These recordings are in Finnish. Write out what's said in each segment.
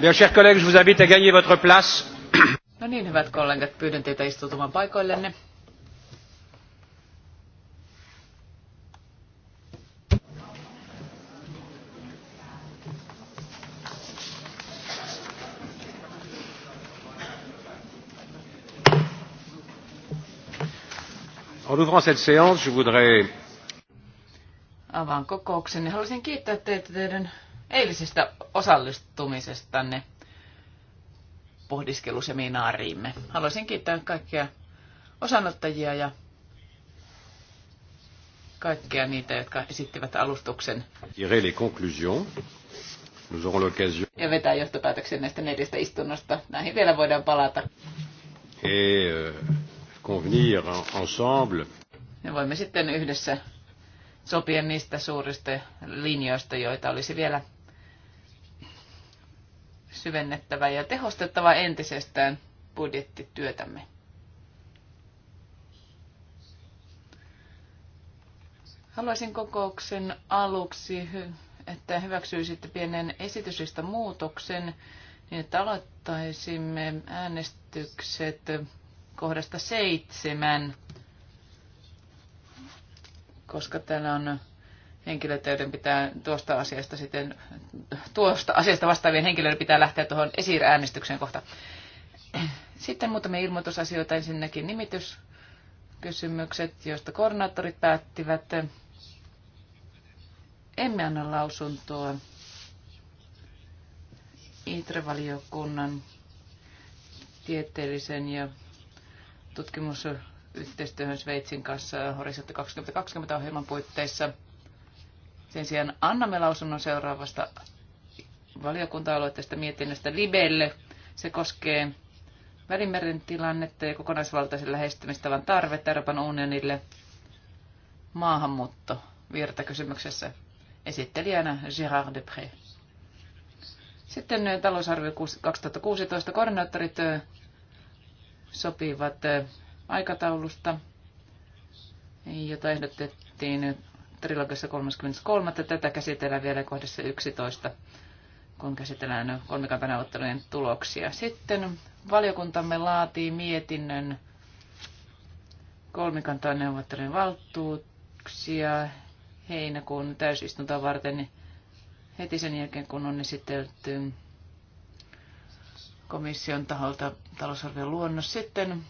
Bien, chers collègues, je vous invite à gagner votre place. No niin, hyvät kollegat, pyydän teitä istutumaan paikoillenne. En ouvrant cette séance, je voudrais... Avant kokouksen. Haluaisin kiittää teitä teidän eilisestä osallistumisestanne pohdiskeluseminaariimme. Haluaisin kiittää kaikkia osanottajia ja kaikkia niitä, jotka esittivät alustuksen. Ja vetää johtopäätöksen näistä neljästä istunnosta. Näihin vielä voidaan palata. Et euh, convenir ensemble. Ja voimme sitten yhdessä sopia niistä suurista linjoista, joita olisi vielä syvennettävä ja tehostettava entisestään budjettityötämme. Haluaisin kokouksen aluksi, että hyväksyisitte pienen esityslistan muutoksen, niin että aloittaisimme äänestykset kohdasta seitsemän, koska täällä on henkilöt, joiden pitää tuosta asiasta sitten, tuosta asiasta vastaavien henkilöiden pitää lähteä tuohon esiräänestykseen kohta. Sitten muutamia ilmoitusasioita. Ensinnäkin nimityskysymykset, joista koordinaattorit päättivät. Emme anna lausuntoa ITRE-valiokunnan tieteellisen ja tutkimusyhteistyöhön Sveitsin kanssa Horisontti 2020 ohjelman puitteissa – sen sijaan annamme lausunnon seuraavasta valiokunta-aloitteesta mietinnöstä Libelle. Se koskee Välimeren tilannetta ja kokonaisvaltaisen lähestymistavan tarvetta Euroopan unionille maahanmuutto virtakysymyksessä. Esittelijänä Gérard Depré. Sitten talousarvio 2016 koordinaattorit sopivat aikataulusta, jota ehdotettiin trilogiassa 33. Tätä käsitellään vielä kohdassa 11, kun käsitellään kolmikantaneuvottelujen tuloksia. Sitten valiokuntamme laatii mietinnön kolmikantaneuvottelujen valtuuksia heinäkuun täysistuntoa varten heti sen jälkeen, kun on esitelty komission taholta talousarvion luonnos. Sitten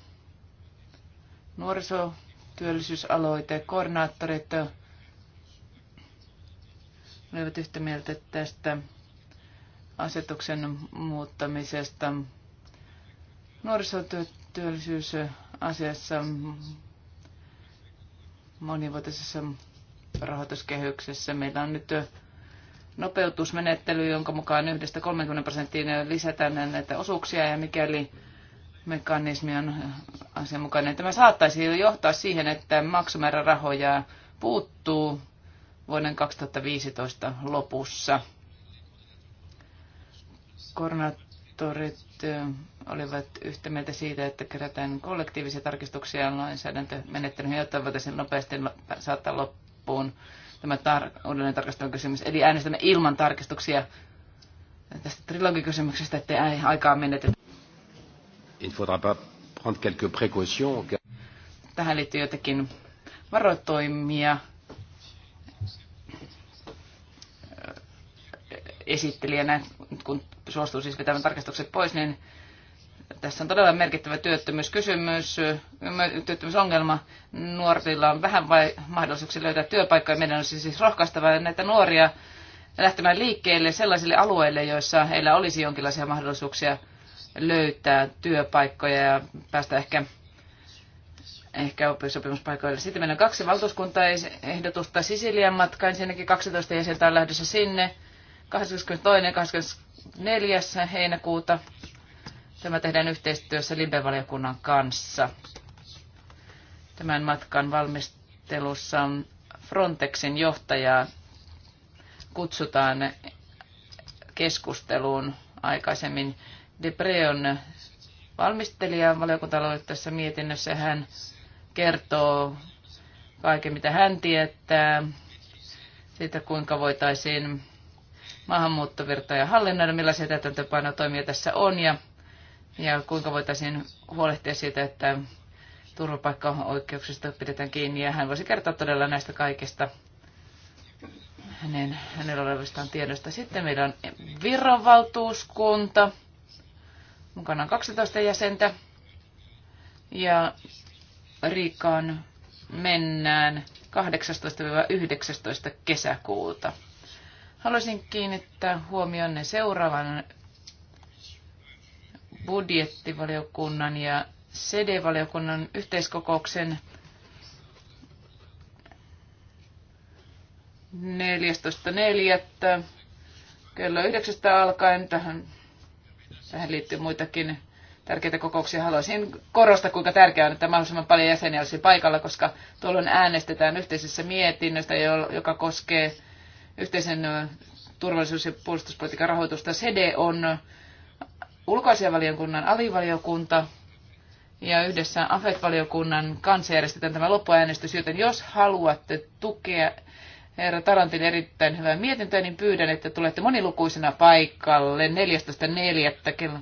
nuorisotyöllisyysaloite, koordinaattorit olivat yhtä mieltä tästä asetuksen muuttamisesta nuorisotyöllisyysasiassa monivuotisessa rahoituskehyksessä. Meillä on nyt nopeutusmenettely, jonka mukaan yhdestä 30 prosenttiin lisätään näitä osuuksia ja mikäli mekanismi on asianmukainen. Tämä saattaisi johtaa siihen, että maksumäärärahoja puuttuu vuoden 2015 lopussa. Koordinaattorit olivat yhtä mieltä siitä, että kerätään kollektiivisia tarkistuksia lainsäädäntömenettelyyn, jotta voitaisiin nopeasti saattaa loppuun tämä tar- uudelleen tarkastelun kysymys. Eli äänestämme ilman tarkistuksia tästä trilogikysymyksestä, ettei aikaa menetetä. Il faudra pas prendre quelques précautions. Tähän liittyy jotakin varotoimia esittelijänä, kun suostuu siis vetämään tarkastukset pois, niin tässä on todella merkittävä työttömyyskysymys, työttömyysongelma. Nuorilla on vähän vai mahdollisuuksia löytää työpaikkoja. Meidän on siis rohkaistava näitä nuoria lähtemään liikkeelle sellaisille alueille, joissa heillä olisi jonkinlaisia mahdollisuuksia löytää työpaikkoja ja päästä ehkä ehkä oppisopimuspaikoille. Sitten meillä on kaksi valtuuskuntaehdotusta Sisilian matka. Ensinnäkin 12 jäsentä on lähdössä sinne. 22. ja 24. heinäkuuta. Tämä tehdään yhteistyössä Libe-valiokunnan kanssa. Tämän matkan valmistelussa on Frontexin johtajaa kutsutaan keskusteluun aikaisemmin. Debreon valmistelija valiokunta tässä mietinnössä. Hän kertoo kaiken, mitä hän tietää siitä, kuinka voitaisiin maahanmuuttovirtoja hallinnoida, millaisia täytäntöpainotoimia tässä on ja, ja kuinka voitaisiin huolehtia siitä, että oikeuksista pidetään kiinni. Ja hän voisi kertoa todella näistä kaikista hänen, hänellä olevistaan tiedosta. Sitten meillä on Viron valtuuskunta. Mukana on 12 jäsentä. Ja Riikaan mennään 18-19 kesäkuuta. Haluaisin kiinnittää huomionne seuraavan budjettivaliokunnan ja CD-valiokunnan yhteiskokouksen 14.4. kello 9 alkaen. Tähän, tähän liittyy muitakin tärkeitä kokouksia. Haluaisin korostaa, kuinka tärkeää on, että mahdollisimman paljon jäseniä olisi paikalla, koska tuolloin äänestetään yhteisessä mietinnöstä, joka koskee yhteisen turvallisuus- ja puolustuspolitiikan rahoitusta. SEDE on ulkoasianvaliokunnan alivaliokunta ja yhdessä AFET-valiokunnan kanssa järjestetään tämä loppuäänestys, joten jos haluatte tukea herra Tarantin erittäin hyvää mietintöä, niin pyydän, että tulette monilukuisena paikalle 14.4. kello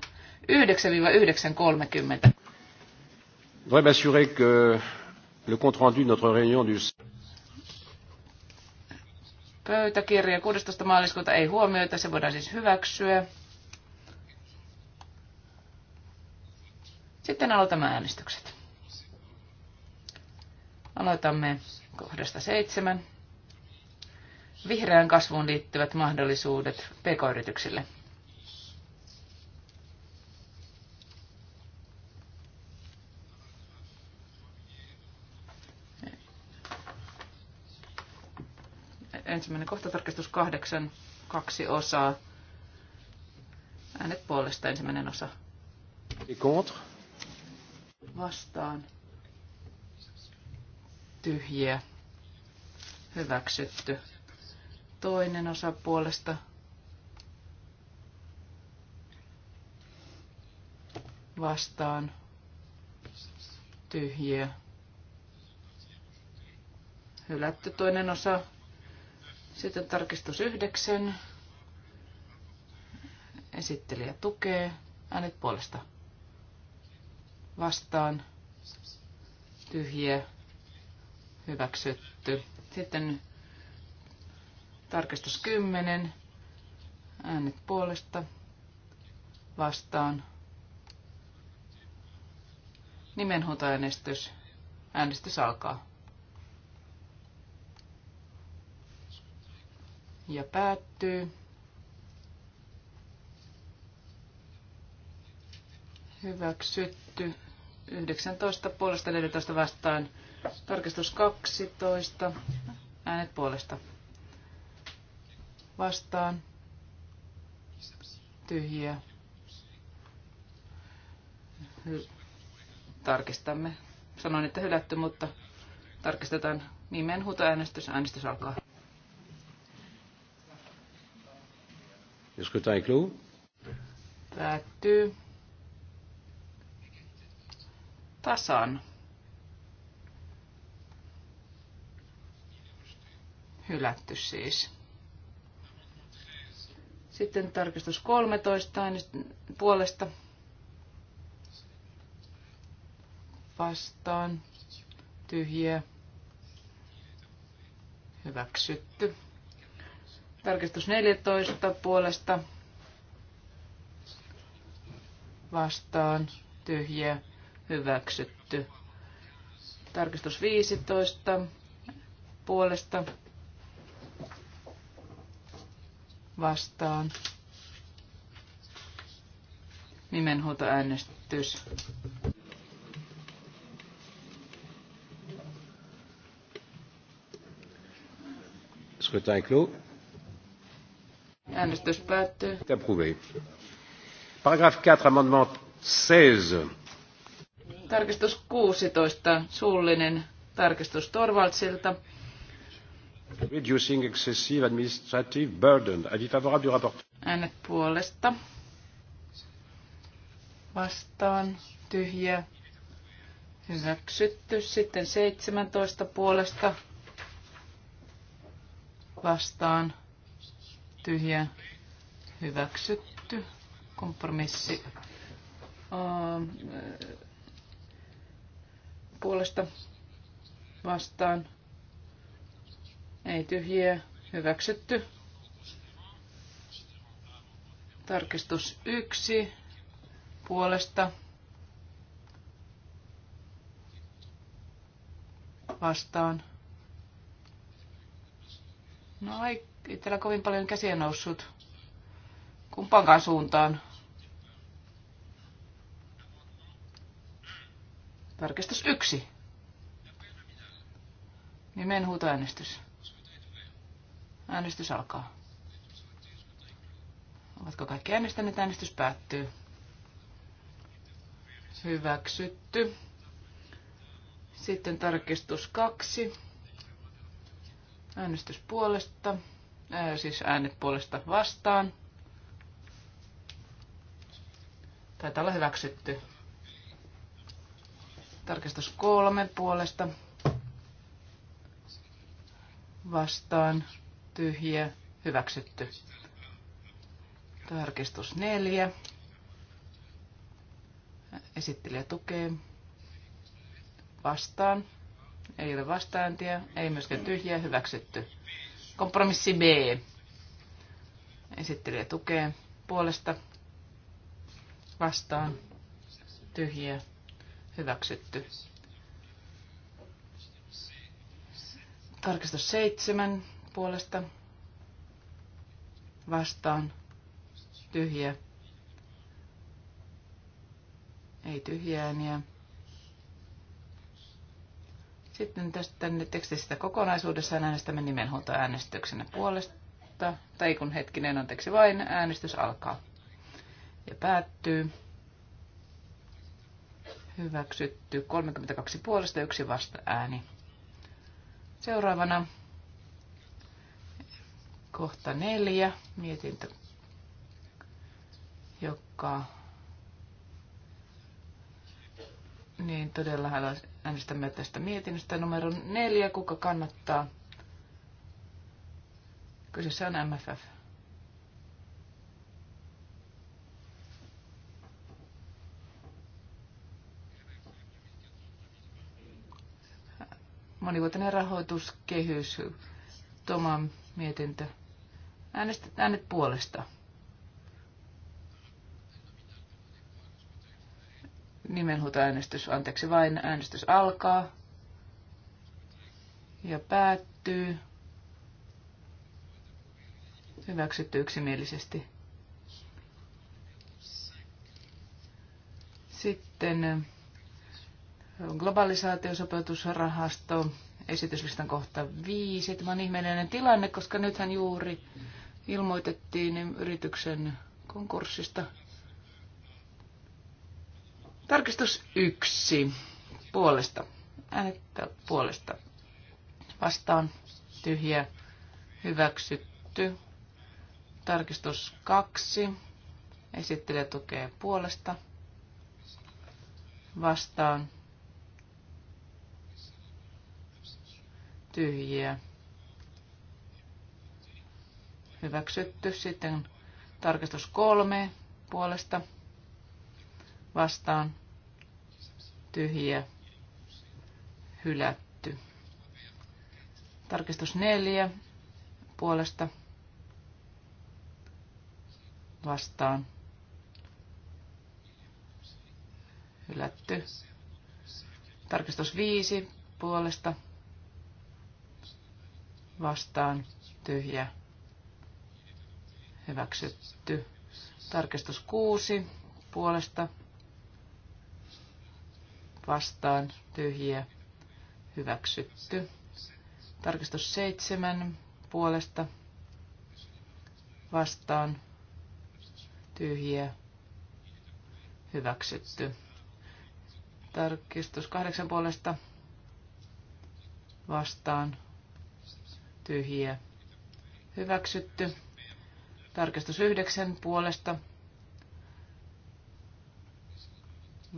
9-9.30. Voimme assurer que le compte rendu notre réunion du Pöytäkirja 16. maaliskuuta ei huomioita, se voidaan siis hyväksyä. Sitten aloitamme äänestykset. Aloitamme kohdasta seitsemän. Vihreän kasvuun liittyvät mahdollisuudet pk-yrityksille. ensimmäinen kohta, tarkistus kahdeksan, kaksi osaa. Äänet puolesta ensimmäinen osa. contre. Vastaan. Tyhjiä. Hyväksytty. Toinen osa puolesta. Vastaan. Tyhjiä. Hylätty toinen osa sitten tarkistus 9. Esittelijä tukee. Äänet puolesta. Vastaan. Tyhjiä. Hyväksytty. Sitten tarkistus 10. Äänet puolesta. Vastaan. Nimenhuutoäänestys. Äänestys alkaa. ja päättyy. Hyväksytty. 19 puolesta 14 vastaan. Tarkistus 12. Äänet puolesta. Vastaan. Tyhjiä. Hy- tarkistamme. Sanoin, että hylätty, mutta tarkistetaan nimen huutoäänestys. Äänestys alkaa. Le scrutin est clos. Päättyy. Tasan. Hylätty siis. Sitten tarkistus 13 puolesta vastaan Tyhjä. hyväksytty. Tarkistus 14 puolesta vastaan tyhjä hyväksytty. Tarkistus 15 puolesta vastaan nimenhuutoäänestys. Scrutin clos. Äänestys päättyy. Approuvé. Paragraf 4, amendement 16. Tarkistus 16, suullinen tarkistus Torvaltsilta. Reducing excessive administrative burden. Avis favorable du rapport. Äänet puolesta. Vastaan. Tyhjä. Hyväksytty. Sitten 17 puolesta. Vastaan tyhjä hyväksytty. Kompromissi puolesta vastaan. Ei tyhjiä, hyväksytty. Tarkistus yksi puolesta vastaan. No aika ei täällä kovin paljon käsiä noussut kumpaankaan suuntaan. Tarkistus yksi. Nimen äänestys. Äänestys alkaa. Ovatko kaikki äänestäneet? Äänestys päättyy. Hyväksytty. Sitten tarkistus kaksi. Äänestys puolesta siis äänet puolesta vastaan. Taitaa olla hyväksytty. Tarkistus kolme puolesta. Vastaan. Tyhjä. Hyväksytty. Tarkistus neljä. Esittelijä tukee. Vastaan. Ei ole vastaantia. Ei myöskään tyhjiä Hyväksytty. Kompromissi B. Esittelijä tukee puolesta vastaan tyhjiä hyväksytty. Tarkistus seitsemän puolesta vastaan tyhjiä. Ei tyhjiä ääniä. Niin sitten tästä tekstistä kokonaisuudessaan äänestämme nimenhuoltoäänestyksenä puolesta. Tai kun hetkinen, anteeksi vain, äänestys alkaa ja päättyy. Hyväksytty 32 puolesta, yksi vasta ääni. Seuraavana kohta neljä, mietintö, joka niin todella haluaisin Äänestämme tästä mietinnöstä numero neljä. Kuka kannattaa? Kyseessä on MFF. Monivuotinen rahoituskehys. Toman mietintö. Äänestä, äänet puolesta. nimenhuutoäänestys, anteeksi vain, äänestys alkaa ja päättyy. Hyväksytty yksimielisesti. Sitten äh, globalisaatiosopeutusrahasto, esityslistan kohta viisi. Tämä on ihmeellinen tilanne, koska nythän juuri ilmoitettiin yrityksen konkurssista. Tarkistus yksi puolesta. Äänettä puolesta. Vastaan tyhjä hyväksytty. Tarkistus kaksi. Esittelijä tukee puolesta. Vastaan tyhjiä. Hyväksytty. Sitten tarkistus kolme puolesta vastaan tyhjiä hylätty. Tarkistus neljä puolesta vastaan hylätty. Tarkistus viisi puolesta vastaan tyhjä hyväksytty. Tarkistus kuusi puolesta vastaan tyhjiä hyväksytty. Tarkistus seitsemän puolesta vastaan tyhjiä hyväksytty. Tarkistus kahdeksan puolesta vastaan tyhjiä hyväksytty. Tarkistus yhdeksän puolesta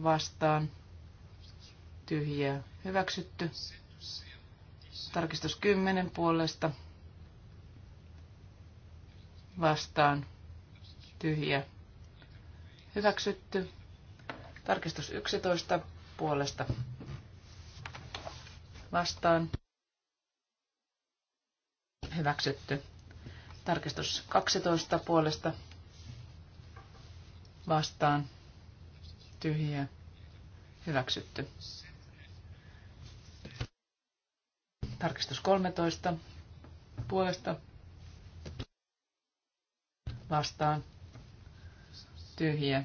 vastaan tyhjiä hyväksytty. Tarkistus 10 puolesta vastaan tyhjiä hyväksytty. Tarkistus 11 puolesta vastaan hyväksytty. Tarkistus 12 puolesta vastaan tyhjiä hyväksytty. Tarkistus 13 puolesta vastaan tyhjä.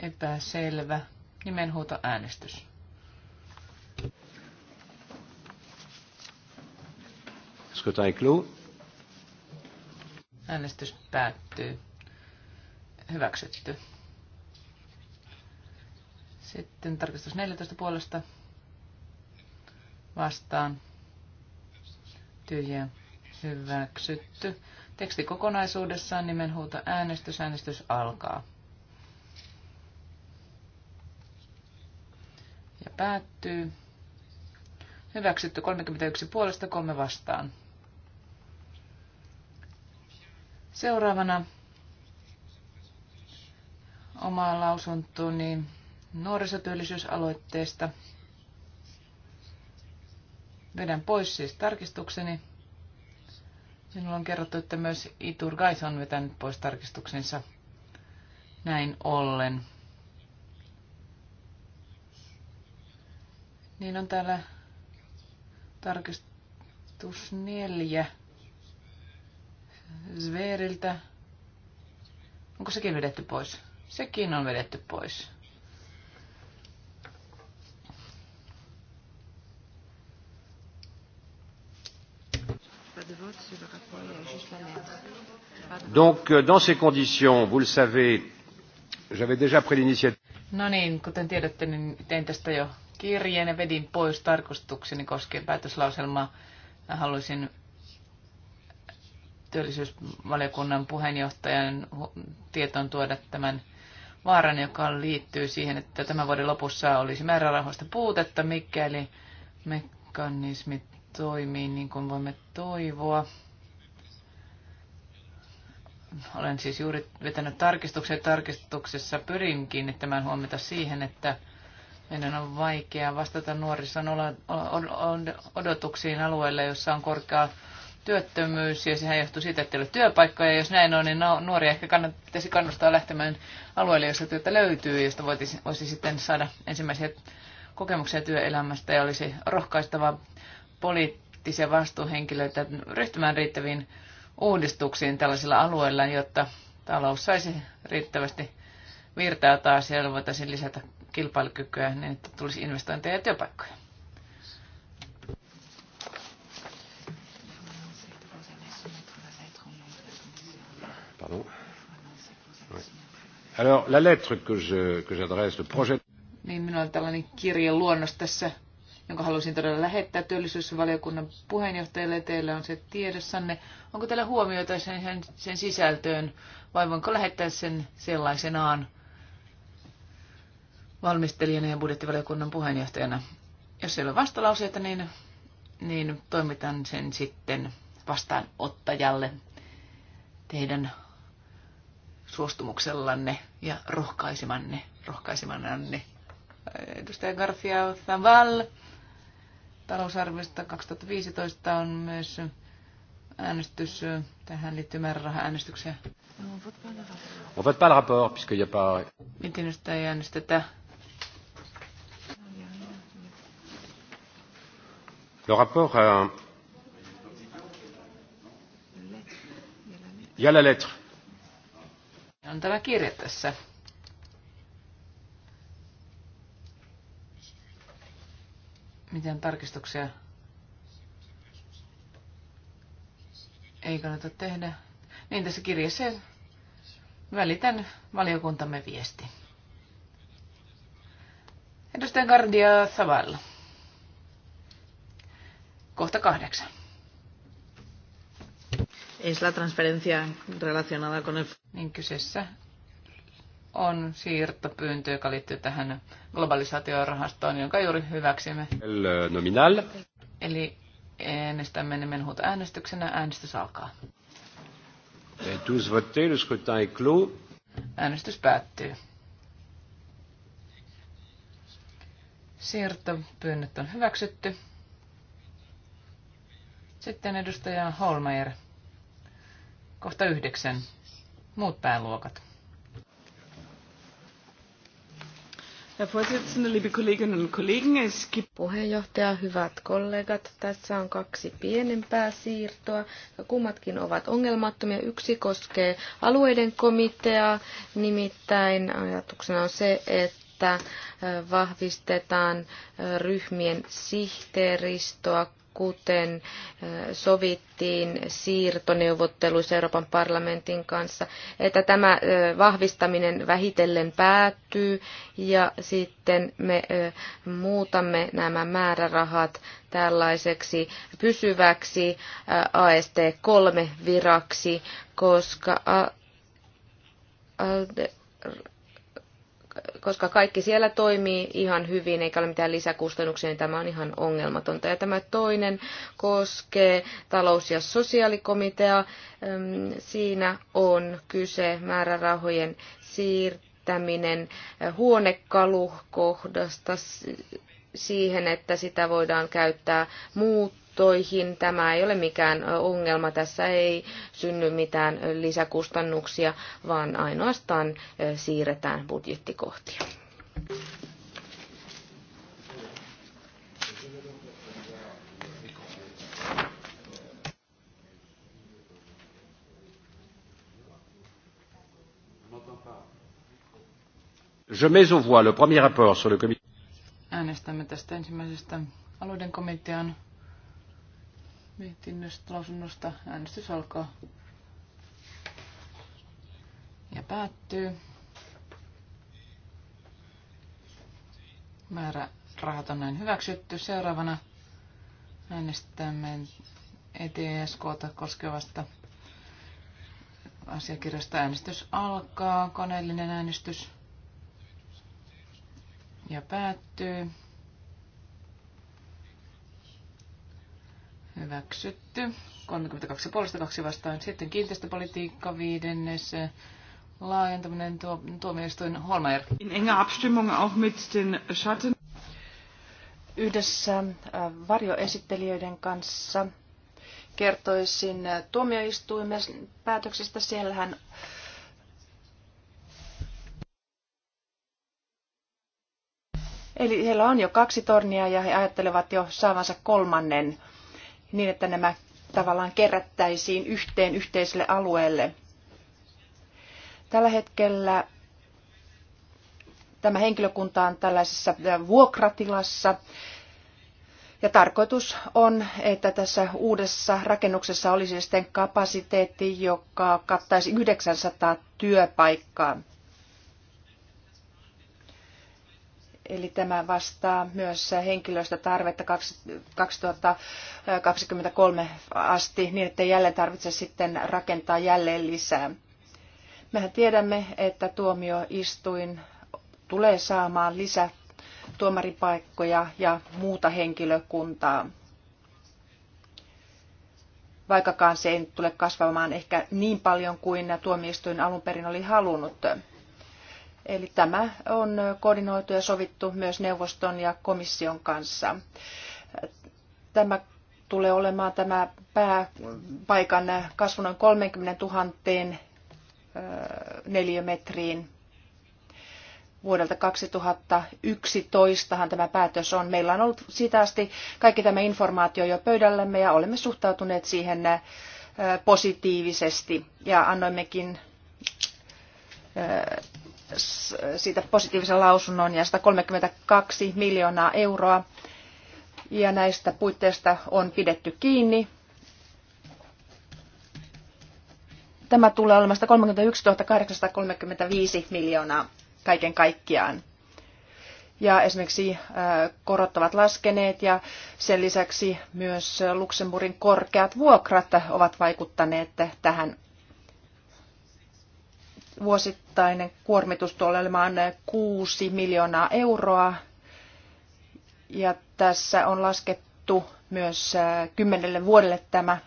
Epäselvä nimenhuuto äänestys. Äänestys päättyy. Hyväksytty. Sitten tarkistus 14 puolesta vastaan tyhjä hyväksytty. Teksti kokonaisuudessaan nimenhuuto äänestys. Äänestys alkaa. Ja päättyy. Hyväksytty 31 puolesta, 3 vastaan. Seuraavana oma lausuntoni nuorisotyöllisyysaloitteesta. Vedän pois siis tarkistukseni. Minulla on kerrottu, että myös Iturgais on vetänyt pois tarkistuksensa näin ollen. Niin on täällä tarkistus neljä Zveriltä. Onko sekin vedetty pois? Sekin on vedetty pois. Donc, euh, dans ces conditions, vous le savez, j'avais déjà pris l'initiative. No niin, kuten tiedätte, niin tein tästä jo kirjeen ja vedin pois tarkastukseni koskien päätöslauselmaa. Mä haluaisin työllisyysvaliokunnan puheenjohtajan tietoon tuoda tämän vaaran, joka liittyy siihen, että tämän vuoden lopussa olisi määrärahoista puutetta, mikäli mekanismi toimii niin kuin voimme toivoa. Olen siis juuri vetänyt tarkistuksen tarkistuksessa pyrin kiinnittämään huomiota siihen, että meidän on vaikea vastata nuorison odotuksiin alueille, jossa on korkea työttömyys ja sehän johtuu siitä, että ei ole työpaikkoja. Jos näin on, niin nuoria ehkä kannattaisi kannustaa lähtemään alueelle, jossa työtä löytyy, josta voisi, voisi sitten saada ensimmäisiä kokemuksia työelämästä ja olisi rohkaistava poliittisia vastuuhenkilöitä ryhtymään riittäviin uudistuksiin tällaisilla alueilla, jotta talous saisi riittävästi virtaa taas ja voitaisiin lisätä kilpailukykyä niin, että tulisi investointeja ja työpaikkoja. Pardon. Alors, la lettre que j'adresse, le projet... Niin, minulla on tällainen kirjeluonnos tässä jonka halusin todella lähettää työllisyysvaliokunnan puheenjohtajalle. Teillä on se tiedossanne. Onko teillä huomioita sen, sen sisältöön vai voinko lähettää sen sellaisenaan valmistelijana ja budjettivaliokunnan puheenjohtajana? Jos siellä on vastalauseita, niin, niin toimitan sen sitten vastaanottajalle teidän suostumuksellanne ja rohkaisemanne, rohkaisemananne. Edustaja Garcia Zaval talousarviosta 2015 on myös äänestys tähän liittyy määräraha-äänestykseen. No, on vote pas le rapport, puisqu'il n'y a pas... Mietinnöstä ei äänestetä. Le rapport a... Euh, il y a la lettre. On tämä kirje tässä. Miten tarkistuksia ei kannata tehdä? Niin tässä kirjassa välitän valiokuntamme viesti. Edustaja Gardia Savalla. Kohta kahdeksan. Es la transferencia relacionada con el... Niin kyseessä on siirtopyyntö, joka liittyy tähän globalisaatiorahastoon, jonka juuri hyväksymme. Eh, nominal. Eli äänestämme menhut äänestyksenä. Äänestys alkaa. Äänestys päättyy. Siirtopyynnöt on hyväksytty. Sitten edustaja Holmeier. Kohta yhdeksän. Muut pääluokat. Herr Vorsitzende, liebe Kolleginnen und Kollegen, es gibt... Puheenjohtaja, hyvät kollegat, tässä on kaksi pienempää siirtoa. Kummatkin ovat ongelmattomia. Yksi koskee alueiden komiteaa, nimittäin ajatuksena on se, että äh, vahvistetaan äh, ryhmien sihteeristoa kuten sovittiin siirtoneuvotteluissa Euroopan parlamentin kanssa, että tämä vahvistaminen vähitellen päättyy ja sitten me muutamme nämä määrärahat tällaiseksi pysyväksi AST3-viraksi, koska koska kaikki siellä toimii ihan hyvin eikä ole mitään lisäkustannuksia, niin tämä on ihan ongelmatonta. Ja tämä toinen koskee talous- ja sosiaalikomitea. Siinä on kyse määrärahojen siirtäminen huonekalukohdasta siihen, että sitä voidaan käyttää muut hintoihin. Tämä ei ole mikään ongelma. Tässä ei synny mitään lisäkustannuksia, vaan ainoastaan siirretään budjettikohtia. Je mets au voie le premier rapport sur le comité. Äänestämme tästä ensimmäisestä alueiden komitean mietinnöstä lausunnosta. Äänestys alkaa ja päättyy. Määrä rahat on näin hyväksytty. Seuraavana äänestämme ETSK koskevasta asiakirjasta äänestys alkaa, koneellinen äänestys ja päättyy. Hyväksytty. 32 puolesta kaksi vastaan. Sitten kiinteistöpolitiikka viidennes. Laajentaminen tuo, tuomioistuin Holmeier. In enger Abstimmung auch mit den Schatten. Yhdessä äh, varjoesittelijöiden kanssa kertoisin äh, tuomioistuimen päätöksistä. Siellähän Eli heillä on jo kaksi tornia ja he ajattelevat jo saavansa kolmannen niin, että nämä tavallaan kerättäisiin yhteen yhteiselle alueelle. Tällä hetkellä tämä henkilökunta on tällaisessa vuokratilassa. Ja tarkoitus on, että tässä uudessa rakennuksessa olisi sitten kapasiteetti, joka kattaisi 900 työpaikkaa. Eli tämä vastaa myös henkilöstä tarvetta 2023 asti, niin ettei jälleen tarvitse sitten rakentaa jälleen lisää. Mehän tiedämme, että tuomioistuin tulee saamaan lisää tuomaripaikkoja ja muuta henkilökuntaa. Vaikkakaan se ei tule kasvamaan ehkä niin paljon kuin tuomioistuin alun perin oli halunnut. Eli tämä on koordinoitu ja sovittu myös neuvoston ja komission kanssa. Tämä tulee olemaan tämä pääpaikan kasvu noin 30 000 neliömetriin. Vuodelta 2011 tämä päätös on. Meillä on ollut siitä asti kaikki tämä informaatio jo pöydällämme ja olemme suhtautuneet siihen positiivisesti ja annoimmekin siitä positiivisen lausunnon ja 132 miljoonaa euroa. Ja näistä puitteista on pidetty kiinni. Tämä tulee olemaan 131 835 miljoonaa kaiken kaikkiaan. Ja esimerkiksi äh, korot ovat laskeneet ja sen lisäksi myös Luxemburgin korkeat vuokrat ovat vaikuttaneet tähän vuosittainen kuormitus tulee olemaan 6 miljoonaa euroa. Ja tässä on laskettu myös kymmenelle vuodelle tämä.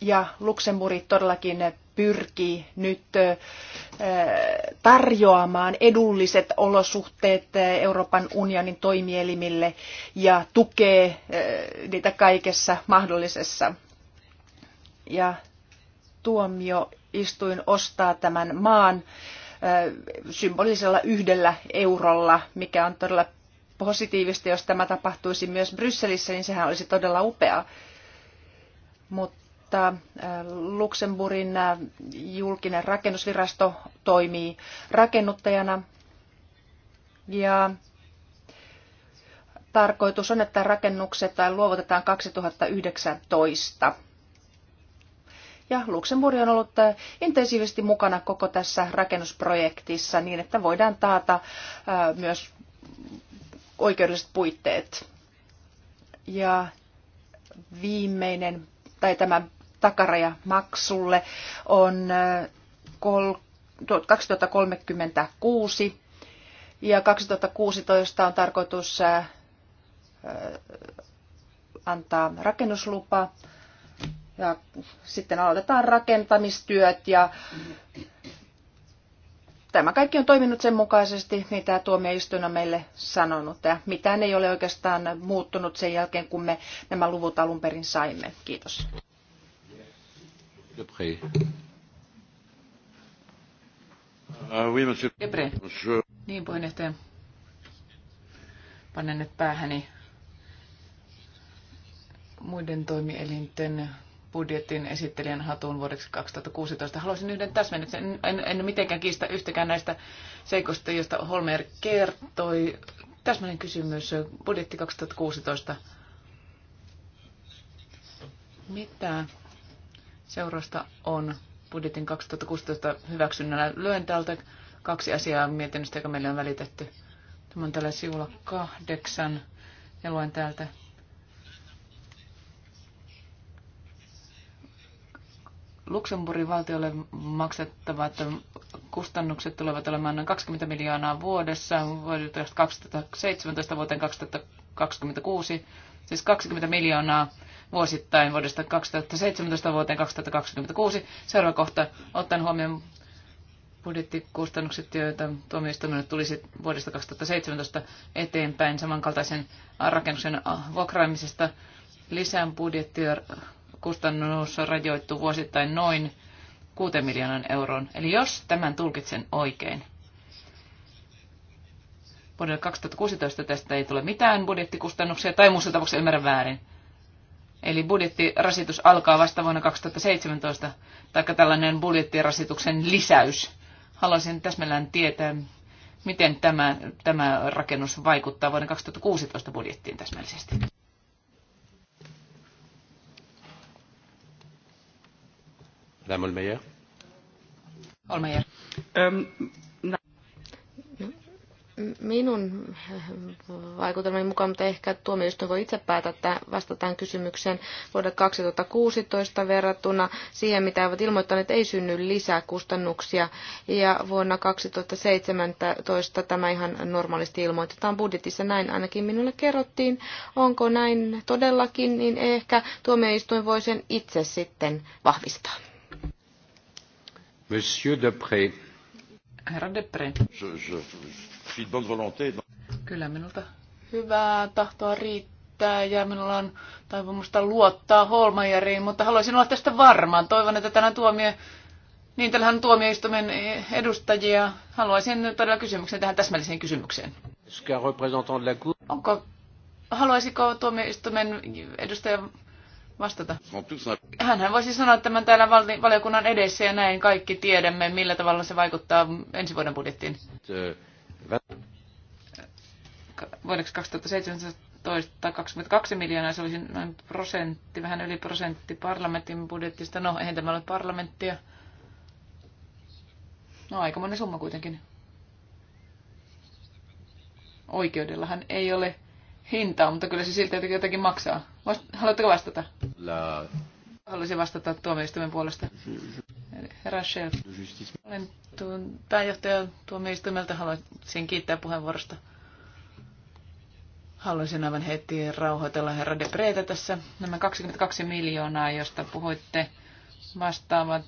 Ja Luxemburg todellakin pyrkii nyt tarjoamaan edulliset olosuhteet Euroopan unionin toimielimille ja tukee niitä kaikessa mahdollisessa ja tuomioistuin ostaa tämän maan symbolisella yhdellä eurolla, mikä on todella positiivista. Jos tämä tapahtuisi myös Brysselissä, niin sehän olisi todella upea. Mutta Luxemburgin julkinen rakennusvirasto toimii rakennuttajana ja tarkoitus on, että rakennukset luovutetaan 2019. Ja Luxemburg on ollut äh, intensiivisesti mukana koko tässä rakennusprojektissa niin, että voidaan taata äh, myös oikeudelliset puitteet. Ja viimeinen, tai tämä takaraja maksulle on 2036 äh, ja 2016 on tarkoitus antaa rakennuslupa ja sitten aloitetaan rakentamistyöt ja tämä kaikki on toiminut sen mukaisesti, mitä tuomioistuin on meille sanonut. Ja mitään ei ole oikeastaan muuttunut sen jälkeen, kun me nämä luvut alun perin saimme. Kiitos. Debre. Ah, niin, puheenjohtaja. Panen nyt päähäni muiden toimielinten budjetin esittelijän hatuun vuodeksi 2016. Haluaisin yhden täsmennyksen. En, en mitenkään kiistä yhtäkään näistä seikoista, joista Holmer kertoi. Täsmällinen kysymys. Budjetti 2016. Mitä seurasta on budjetin 2016 hyväksynnällä? Lyön täältä kaksi asiaa mietinnöstä, joka meille on välitetty. Tämä on täällä sivulla kahdeksan ja luen täältä Luxemburgin valtiolle maksettavat kustannukset tulevat olemaan noin 20 miljoonaa vuodessa vuodesta 2017 vuoteen 2026, siis 20 miljoonaa vuosittain vuodesta 2017 vuoteen 2026. Seuraava kohta, ottaen huomioon budjettikustannukset, joita tuomioistuimelle tulisi vuodesta 2017 eteenpäin samankaltaisen rakennuksen vuokraamisesta lisään budjettia kustannus rajoittuu vuosittain noin 6 miljoonan euroon. Eli jos tämän tulkitsen oikein, vuodelle 2016 tästä ei tule mitään budjettikustannuksia, tai muussa tapauksessa ymmärrän väärin. Eli budjettirasitus alkaa vasta vuonna 2017, taikka tällainen budjettirasituksen lisäys. Haluaisin täsmällään tietää, miten tämä, tämä rakennus vaikuttaa vuoden 2016 budjettiin täsmällisesti. Madame Olmeyer. Olmeyer. Um, ähm, Minun vaikutelmani mukaan, mutta ehkä tuomioistuin voi itse päättää, vastataan kysymykseen vuoden 2016 verrattuna siihen, mitä ovat ilmoittaneet, ei synny lisää kustannuksia. Ja vuonna 2017 tämä ihan normaalisti ilmoitetaan budjetissa, näin ainakin minulle kerrottiin. Onko näin todellakin, niin ehkä tuomioistuin voi sen itse sitten vahvistaa. Herra Depré. Kyllä minulta hyvää tahtoa riittää ja minulla on taipumusta luottaa Holmajariin, mutta haluaisin olla tästä varmaan. Toivon, että tänään tuomio niin, tällähän tuomioistuimen edustajia. Haluaisin todella kysymyksen tähän täsmälliseen kysymykseen. Onko, haluaisiko tuomioistuimen edustaja vastata? Hänhän voisi sanoa että tämän täällä valiokunnan edessä ja näin kaikki tiedämme, millä tavalla se vaikuttaa ensi vuoden budjettiin. Vuodeksi 2017 22 miljoonaa, se olisi noin prosentti, vähän yli prosentti parlamentin budjettista. No, eihän tämä ole parlamenttia. No, aika monen summa kuitenkin. Oikeudellahan ei ole hintaa, mutta kyllä se silti jotenkin jotakin maksaa. Haluatteko vastata? La... Haluaisin vastata tuomioistuimen puolesta. Herra Schell, olen tuon pääjohtaja tuomioistuimelta, haluaisin kiittää puheenvuorosta. Haluaisin aivan heti rauhoitella herra de Preetä tässä. Nämä 22 miljoonaa, josta puhuitte, vastaavat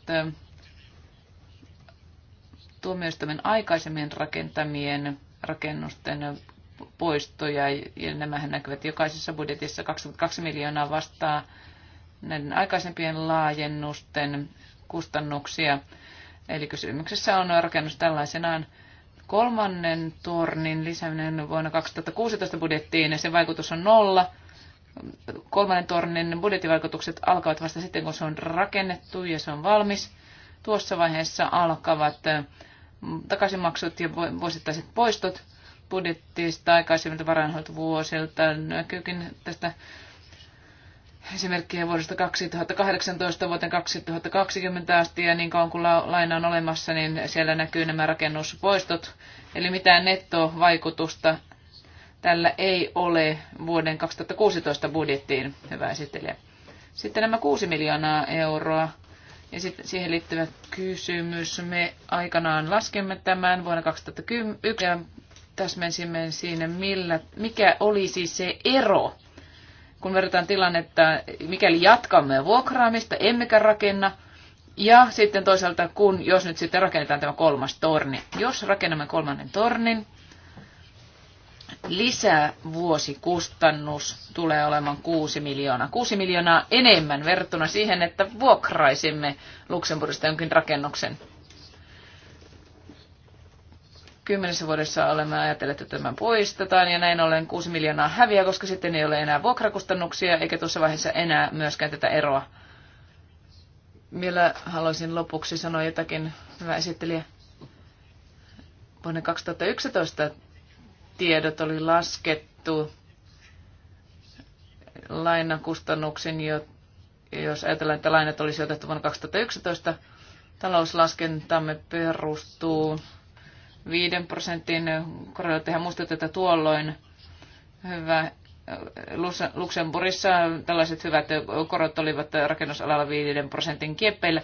tuomioistuimen aikaisemmin rakentamien rakennusten poistoja, ja nämähän näkyvät jokaisessa budjetissa. 22 miljoonaa vastaa näiden aikaisempien laajennusten kustannuksia. Eli kysymyksessä on rakennus tällaisenaan kolmannen tornin lisääminen vuonna 2016 budjettiin, ja sen vaikutus on nolla. Kolmannen tornin budjettivaikutukset alkavat vasta sitten, kun se on rakennettu ja se on valmis. Tuossa vaiheessa alkavat takaisinmaksut ja vuosittaiset poistot budjettista aikaisemmilta varainhoitovuosilta. Näkyykin tästä esimerkkiä vuodesta 2018 vuoteen 2020 asti ja niin kauan kun laina on olemassa, niin siellä näkyy nämä rakennuspoistot. Eli mitään nettovaikutusta tällä ei ole vuoden 2016 budjettiin, hyvä esittelijä. Sitten nämä 6 miljoonaa euroa ja sitten siihen liittyvä kysymys. Me aikanaan laskemme tämän vuonna 2010. ja täsmensimme siinä, millä, mikä olisi se ero, kun verrataan tilannetta, mikäli jatkamme vuokraamista, emmekä rakenna, ja sitten toisaalta, kun jos nyt sitten rakennetaan tämä kolmas torni. Jos rakennamme kolmannen tornin, lisävuosikustannus tulee olemaan 6 miljoonaa. 6 miljoonaa enemmän verrattuna siihen, että vuokraisimme Luxemburgista jonkin rakennuksen kymmenessä vuodessa olemme ajatelleet, että tämä poistetaan ja näin ollen 6 miljoonaa häviää, koska sitten ei ole enää vuokrakustannuksia eikä tuossa vaiheessa enää myöskään tätä eroa. Vielä haluaisin lopuksi sanoa jotakin, hyvä esittelijä. Vuonna 2011 tiedot oli laskettu lainakustannuksen, jos ajatellaan, että lainat olisi otettu vuonna 2011. Talouslaskentamme perustuu 5 prosentin korolla tehdä että tuolloin. Hyvä. Luxemburgissa tällaiset hyvät korot olivat rakennusalalla 5 prosentin kieppeillä.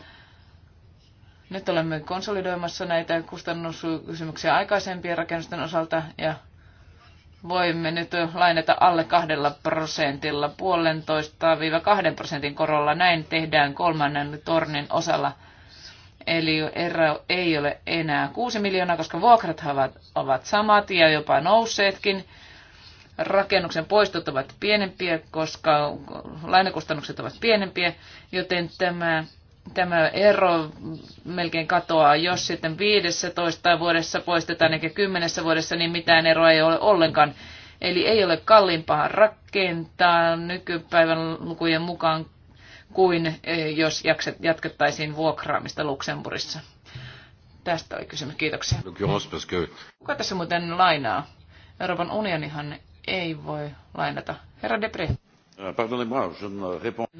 Nyt olemme konsolidoimassa näitä kustannuskysymyksiä aikaisempien rakennusten osalta ja voimme nyt lainata alle kahdella prosentilla, puolentoista viiva kahden prosentin korolla. Näin tehdään kolmannen tornin osalla Eli ero ei ole enää 6 miljoonaa, koska vuokrat ovat, ovat samat ja jopa nousseetkin. Rakennuksen poistot ovat pienempiä, koska lainakustannukset ovat pienempiä, joten tämä, tämä ero melkein katoaa. Jos sitten 15 vuodessa poistetaan eikä 10 vuodessa, niin mitään eroa ei ole ollenkaan. Eli ei ole kalliimpaa rakentaa nykypäivän lukujen mukaan kuin eh, jos jatkettaisiin vuokraamista Luxemburissa. Tästä oli kysymys. Kiitoksia. Kuka tässä muuten lainaa? Euroopan unionihan ei voi lainata. Herra Depre. Euh,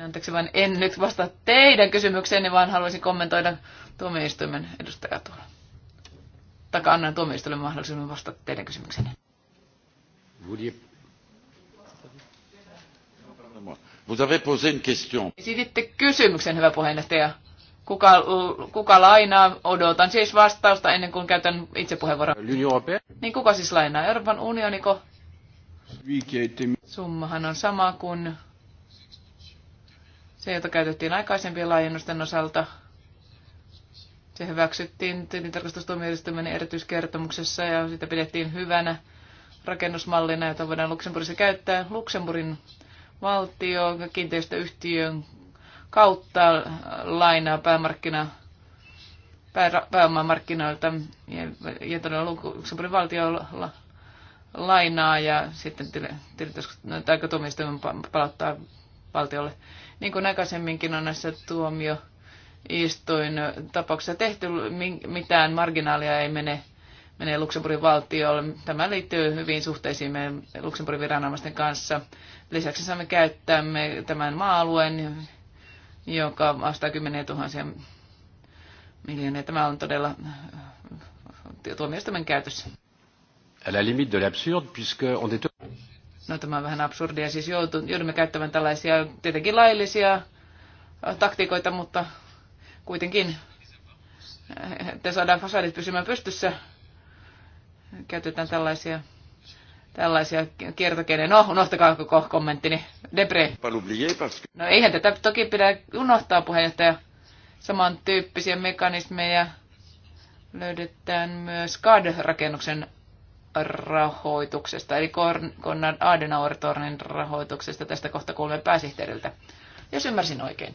Anteeksi, vaan en nyt vastaa teidän kysymykseen, niin vaan haluaisin kommentoida tuomioistuimen edustaja tuolla. Taka annan tuomioistuimen mahdollisuuden vastata teidän kysymykseen. Vous avez posé une question. Esititte kysymyksen, hyvä puheenjohtaja. Kuka, kuka lainaa? Odotan siis vastausta ennen kuin käytän itse puheenvuoron. Niin kuka siis lainaa? Euroopan unioniko? Summahan on sama kuin se, jota käytettiin aikaisempien laajennusten osalta. Se hyväksyttiin tilintarkastustuomioistuimen erityiskertomuksessa ja sitä pidettiin hyvänä rakennusmallina, jota voidaan Luxemburgissa käyttää. Luxemburgin valtio kiinteistöyhtiön kautta lainaa päämarkkina, pää, pääomamarkkinoilta ja, ja todella Luxemburgin valtio lainaa ja sitten no, tuomioistuimen palauttaa valtiolle. Niin kuin aikaisemminkin on näissä tuomioistuin tapauksissa tapauksessa tehty, mitään marginaalia ei mene menee Luxemburgin valtiolle. Tämä liittyy hyvin suhteisiin meidän Luxemburgin viranomaisten kanssa. Lisäksi saamme me tämän maa-alueen, joka vastaa kymmeniä tuhansia miljoonia. Tämä on todella tuomioistuimen käytössä. À la limite de l'absurde, puisque on est... No tämä on vähän absurdia, siis joudumme käyttämään tällaisia tietenkin laillisia taktiikoita, mutta kuitenkin te saadaan fasadit pysymään pystyssä käytetään tällaisia, tällaisia kiertokeinoja. No, unohtakaa koko kommenttini. Debre. No eihän tätä toki pidä unohtaa, puheenjohtaja. Samantyyppisiä mekanismeja löydetään myös CAD-rakennuksen rahoituksesta, eli Konrad Adenauer-tornin rahoituksesta tästä kohta kuulemme pääsihteeriltä, jos ymmärsin oikein.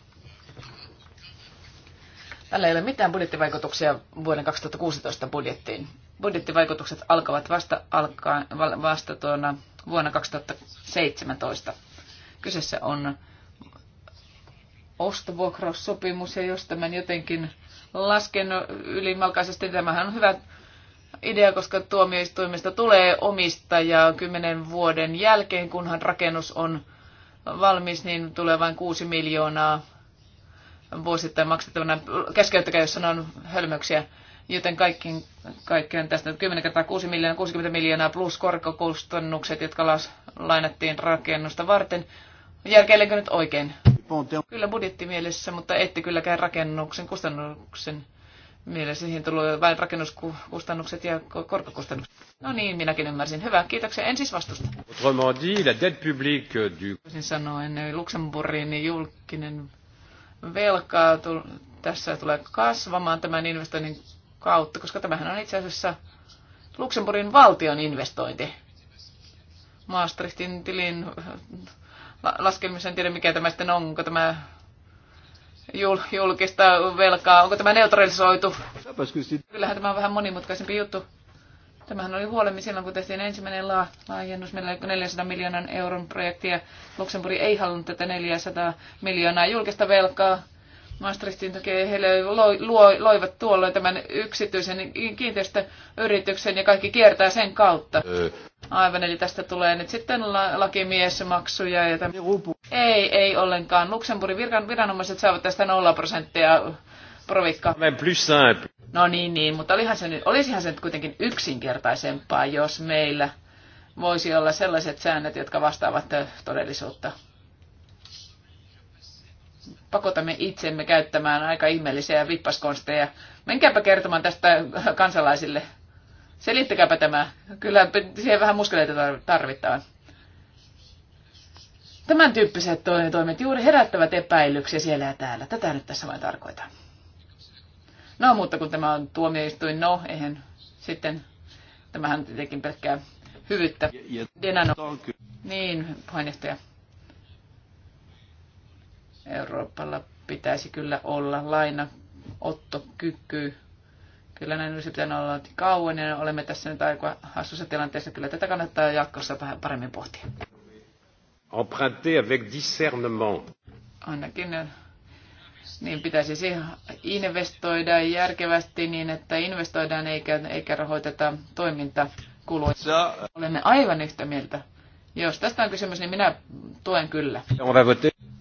Tällä ei ole mitään budjettivaikutuksia vuoden 2016 budjettiin budjettivaikutukset alkavat vasta, alkaa, vasta tuona vuonna 2017. Kyseessä on ostovuokraussopimus, ja jos tämän jotenkin lasken ylimalkaisesti, tämähän on hyvä idea, koska tuomioistuimesta tulee omistaja kymmenen vuoden jälkeen, kunhan rakennus on valmis, niin tulee vain 6 miljoonaa vuosittain maksettavana. Keskeyttäkää, jos sanon hölmöksiä. Joten kaikkien, kaikkien tästä 10 kertaa 6 miljoonaa, 60 miljoonaa plus korkokustannukset, jotka las, lainattiin rakennusta varten. Järkeilenkö nyt oikein? Kyllä budjettimielessä, mutta ette kylläkään rakennuksen kustannuksen mielessä. Siihen tulee vain rakennuskustannukset ja korkokustannukset. No niin, minäkin ymmärsin. Hyvä, kiitoksia. En siis vastusta. Autrement dit, la dette publique du... Toisin sanoen, Luxemburgin julkinen velkaa tässä tulee kasvamaan tämän investoinnin kautta, koska tämähän on itse asiassa Luxemburgin valtion investointi. Maastrichtin tilin laskelmissa en tiedä mikä tämä sitten on, onko tämä jul, julkista velkaa, onko tämä neutralisoitu. Kyllähän tämä on vähän monimutkaisempi juttu. Tämähän oli huolemmin silloin, kun tehtiin ensimmäinen la- laajennus. Meillä oli 400 miljoonan euron projekti ja Luxemburg ei halunnut tätä 400 miljoonaa julkista velkaa. Maastrichtin takia heille loivat tuolloin tämän yksityisen kiinteistöyrityksen ja kaikki kiertää sen kautta. Aivan, eli tästä tulee nyt sitten la- lakimiesmaksuja ja täm- Ei, ei ollenkaan. Luxemburgin viran, viranomaiset saavat tästä 0 prosenttia provikkaa. No niin, niin, mutta olihan se nyt, olisihan se nyt kuitenkin yksinkertaisempaa, jos meillä voisi olla sellaiset säännöt, jotka vastaavat todellisuutta pakotamme itsemme käyttämään aika ihmeellisiä vippaskonsteja. Menkääpä kertomaan tästä kansalaisille. Selittäkääpä tämä. Kyllä siihen vähän muskeleita tarvitaan. Tämän tyyppiset toimet juuri herättävät epäilyksiä siellä ja täällä. Tätä nyt tässä vain tarkoitan. No, mutta kun tämä on tuomioistuin, no, eihän sitten, tämähän tietenkin pelkkää hyvyyttä. Denano. Niin, puheenjohtaja. Euroopalla pitäisi kyllä olla lainaottokyky. Kyllä näin olisi pitänyt olla kauan ja olemme tässä nyt aika hassussa tilanteessa. Kyllä tätä kannattaa jatkossa vähän paremmin pohtia. Emprunter avec discernement. Ainakin äh, niin pitäisi investoida järkevästi niin, että investoidaan eikä, eikä rahoiteta toimintakuluja. Olemme aivan yhtä mieltä. Jos tästä on kysymys, niin minä tuen kyllä.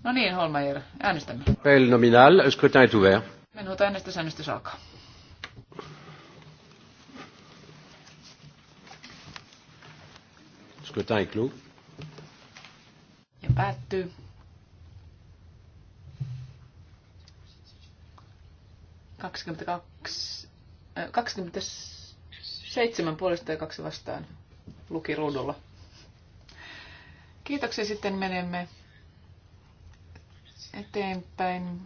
No niin, Holmeier, äänestämme. Appel nominal, scrutin est ouvert. Minut äänestys, äänestys alkaa. Scrutin est clos. Ja päättyy. Kaksikymmentäkaksi, äh, kaksikymmentäseitsemän puolesta ja kaksi vastaan luki ruudulla. Kiitoksia. Sitten menemme eteenpäin.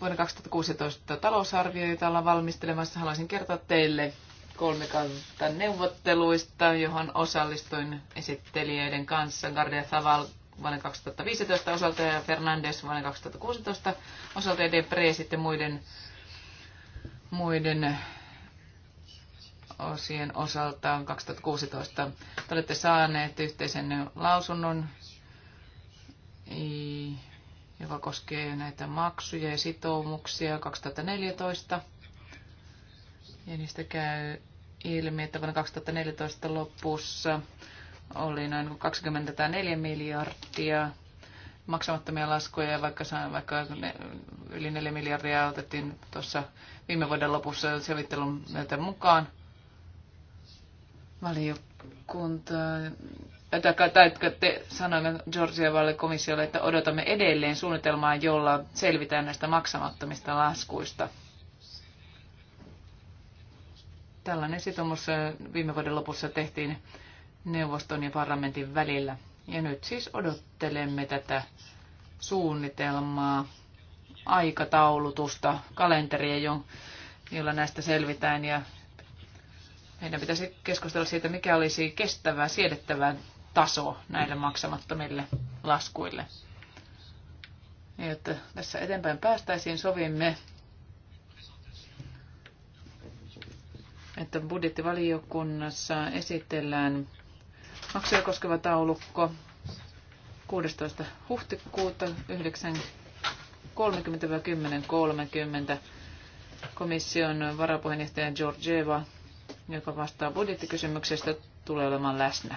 Vuoden 2016 talousarvio, jota ollaan valmistelemassa, haluaisin kertoa teille kolmikanta neuvotteluista, johon osallistuin esittelijöiden kanssa Gardia Zaval vuoden 2015 osalta ja Fernandes vuoden 2016 osalta ja Depre sitten muiden, muiden osien osalta 2016. Te olette saaneet yhteisen lausunnon joka koskee näitä maksuja ja sitoumuksia 2014. Ja niistä käy ilmi, että vuonna 2014 lopussa oli noin 24 miljardia maksamattomia laskuja, vaikka, vaikka ne, yli 4 miljardia otettiin tuossa viime vuoden lopussa sovittelun myötä mukaan. Valiokunta tai te sanoimme Georgievalle komissiolle, että odotamme edelleen suunnitelmaa, jolla selvitään näistä maksamattomista laskuista. Tällainen sitoumus äh, viime vuoden lopussa tehtiin neuvoston ja parlamentin välillä. Ja nyt siis odottelemme tätä suunnitelmaa, aikataulutusta, kalenteria, jolla näistä selvitään. Ja meidän pitäisi keskustella siitä, mikä olisi kestävää, siedettävää taso näille maksamattomille laskuille. jotta niin, että tässä eteenpäin päästäisiin, sovimme, että budjettivaliokunnassa esitellään maksuja koskeva taulukko 16. huhtikuuta 9.30-10.30 komission varapuheenjohtaja Georgieva, joka vastaa budjettikysymyksestä, tulee olemaan läsnä.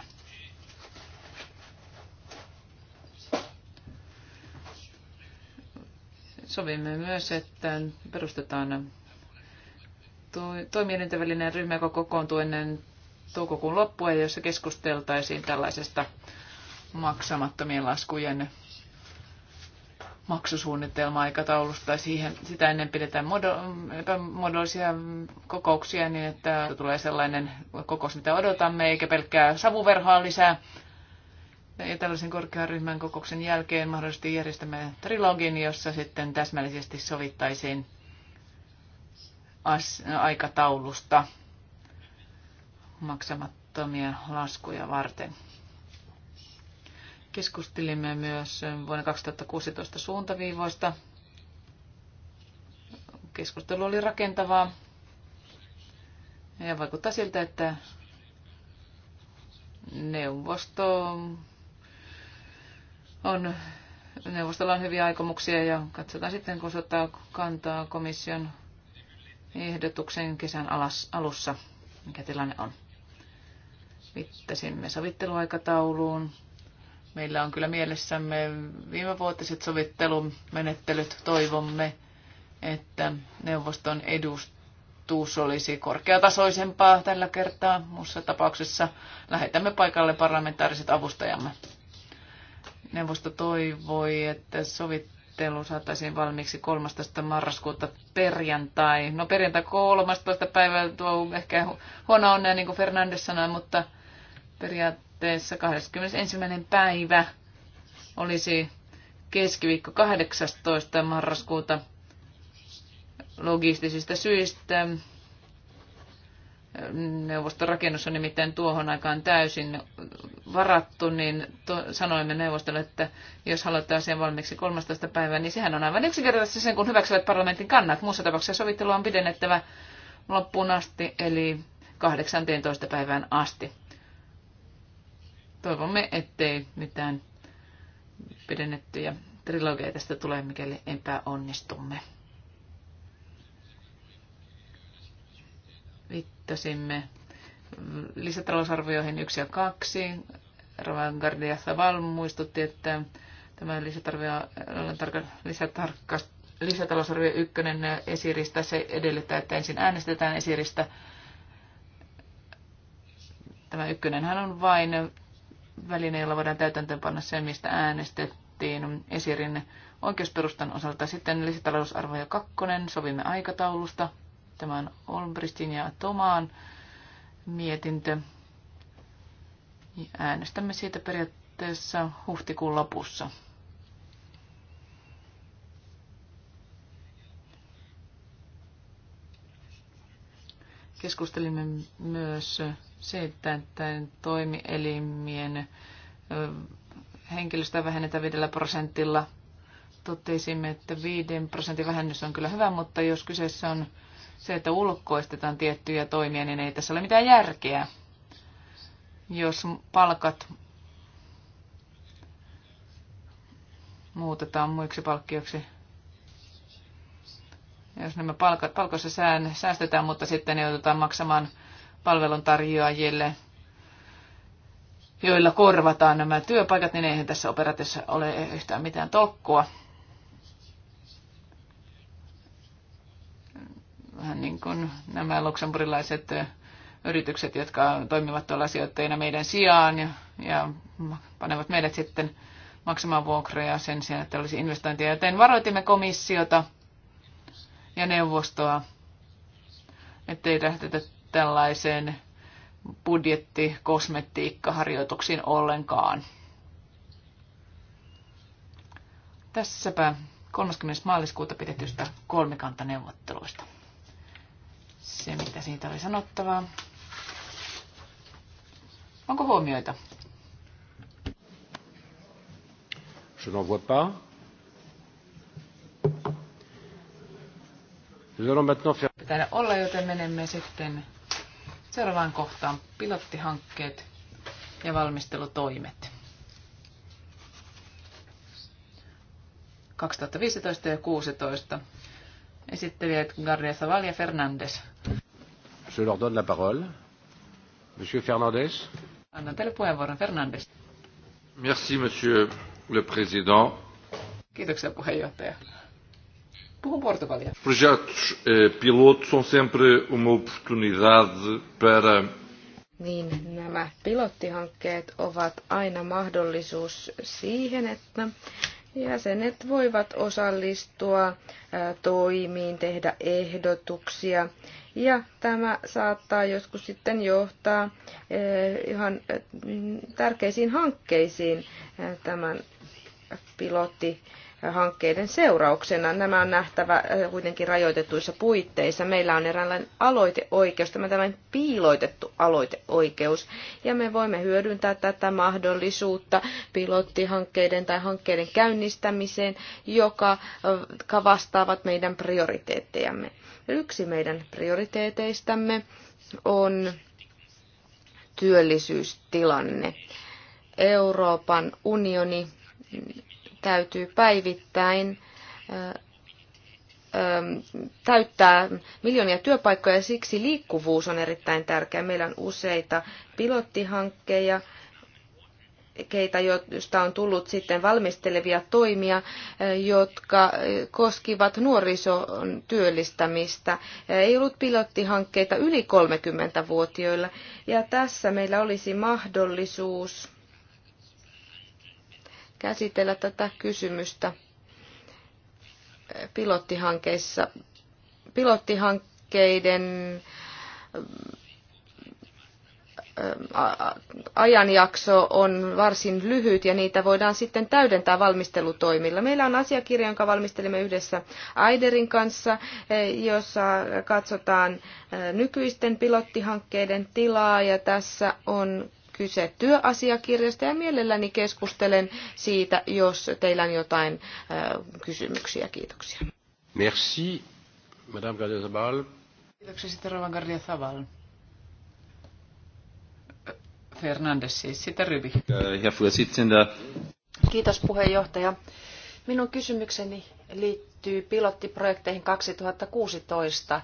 Sovimme myös, että perustetaan toimielintävälinen ryhmä, joka kokoontuu ennen toukokuun loppua, jossa keskusteltaisiin tällaisesta maksamattomien laskujen maksusuunnitelma-aikataulusta ja siihen, sitä ennen pidetään epämuodollisia kokouksia niin, että tulee sellainen kokous, mitä odotamme, eikä pelkkää savuverhaa lisää ja tällaisen korkean ryhmän kokouksen jälkeen mahdollisesti järjestämme trilogin, jossa sitten täsmällisesti sovittaisiin aikataulusta maksamattomia laskuja varten. Keskustelimme myös vuonna 2016 suuntaviivoista. Keskustelu oli rakentavaa ja vaikuttaa siltä, että neuvosto on, neuvostolla on hyviä aikomuksia ja katsotaan sitten, kun se ottaa kantaa komission ehdotuksen kesän alas, alussa, mikä tilanne on. Viittasimme sovitteluaikatauluun. Meillä on kyllä mielessämme viimevuotiset sovittelumenettelyt. Toivomme, että neuvoston edustus olisi korkeatasoisempaa tällä kertaa. Muussa tapauksessa lähetämme paikalle parlamentaariset avustajamme. Neuvosto toivoi, että sovittelu saataisiin valmiiksi 13. marraskuuta perjantai. No perjantai 13. päivä tuo on ehkä huono onnea, niin kuin Fernandes sanoi, mutta periaatteessa 21. päivä olisi keskiviikko 18. marraskuuta logistisista syistä neuvoston rakennus on nimittäin tuohon aikaan täysin varattu, niin to, sanoimme neuvostolle, että jos halutaan sen valmiiksi 13. päivää, niin sehän on aivan yksinkertaisesti sen, kun hyväksyvät parlamentin kannat. Muussa tapauksessa sovittelu on pidennettävä loppuun asti, eli 18. päivään asti. Toivomme, ettei mitään pidennettyjä trilogeja tästä tule, mikäli epäonnistumme. viittasimme lisätalousarvioihin 1 ja 2. Ravan Gardia Saval muistutti, että tämä lisätalousarvio 1 esiristä, se edellyttää, että ensin äänestetään esiristä. Tämä ykkönenhän on vain väline, jolla voidaan täytäntöönpanna se, mistä äänestettiin esirin oikeusperustan osalta. Sitten lisätalousarvio 2, sovimme aikataulusta. Tämä on Olbristin ja Tomaan mietintö. Äänestämme siitä periaatteessa huhtikuun lopussa. Keskustelimme myös siitä, että toimielimien henkilöstöä vähennetään 5 prosentilla. Totesimme, että 5 prosentin vähennys on kyllä hyvä, mutta jos kyseessä on se, että ulkoistetaan tiettyjä toimia, niin ei tässä ole mitään järkeä. Jos palkat muutetaan muiksi palkkioksi, jos nämä palkat, palkossa sään, säästetään, mutta sitten ne joudutaan maksamaan palveluntarjoajille, joilla korvataan nämä työpaikat, niin eihän tässä operaatiossa ole yhtään mitään tokkoa. Vähän niin kuin nämä luksemburilaiset yritykset, jotka toimivat tuolla sijoittajina meidän sijaan ja, ja panevat meidät sitten maksamaan vuokraa sen sijaan, että olisi investointia. Joten varoitimme komissiota ja neuvostoa, ettei lähtetä tällaiseen budjettikosmetiikkaharjoituksiin ollenkaan. Tässäpä 30. maaliskuuta pidetystä kolmikantaneuvotteluista se, mitä siitä oli sanottavaa. Onko huomioita? Je n'en vois pas. Nous allons maintenant faire... Pitää olla, joten menemme sitten seuraavaan kohtaan. Pilottihankkeet ja valmistelutoimet. 2015 ja 2016 Esittelijät Garnier Saval ja Fernandes. Je leur donne la parole. Monsieur Fernandes. Annan teille puheenvuoron, Fernandes. Merci, monsieur le président. Kiitoksia, puheenjohtaja. Puhun portugalia. Projetos eh, piloto são sempre uma oportunidade para niin nämä pilottihankkeet ovat aina mahdollisuus siihen, että Jäsenet voivat osallistua toimiin, tehdä ehdotuksia ja tämä saattaa joskus sitten johtaa ihan tärkeisiin hankkeisiin tämän pilotti hankkeiden seurauksena. Nämä on nähtävä äh, kuitenkin rajoitetuissa puitteissa. Meillä on eräänlainen aloiteoikeus, tämä tällainen piiloitettu aloiteoikeus, ja me voimme hyödyntää tätä mahdollisuutta pilottihankkeiden tai hankkeiden käynnistämiseen, joka äh, vastaavat meidän prioriteettejamme. Yksi meidän prioriteeteistämme on työllisyystilanne. Euroopan unioni täytyy päivittäin täyttää miljoonia työpaikkoja ja siksi liikkuvuus on erittäin tärkeä. Meillä on useita pilottihankkeja, keitä, joista on tullut sitten valmistelevia toimia, jotka koskivat nuorison työllistämistä. Ei ollut pilottihankkeita yli 30-vuotiailla ja tässä meillä olisi mahdollisuus käsitellä tätä kysymystä pilottihankkeissa. Pilottihankkeiden ajanjakso on varsin lyhyt ja niitä voidaan sitten täydentää valmistelutoimilla. Meillä on asiakirja, jonka valmistelimme yhdessä Aiderin kanssa, jossa katsotaan nykyisten pilottihankkeiden tilaa ja tässä on kyse työasiakirjasta ja mielelläni keskustelen siitä, jos teillä on jotain kysymyksiä. Kiitoksia. Merci, Madame Gardia-Zabal. Kiitoksia sitten Rovan Gardia-Zabal. Fernandes siis, sitten Ryvi. Kiitos puheenjohtaja. Minun kysymykseni liittyy pilottiprojekteihin 2016.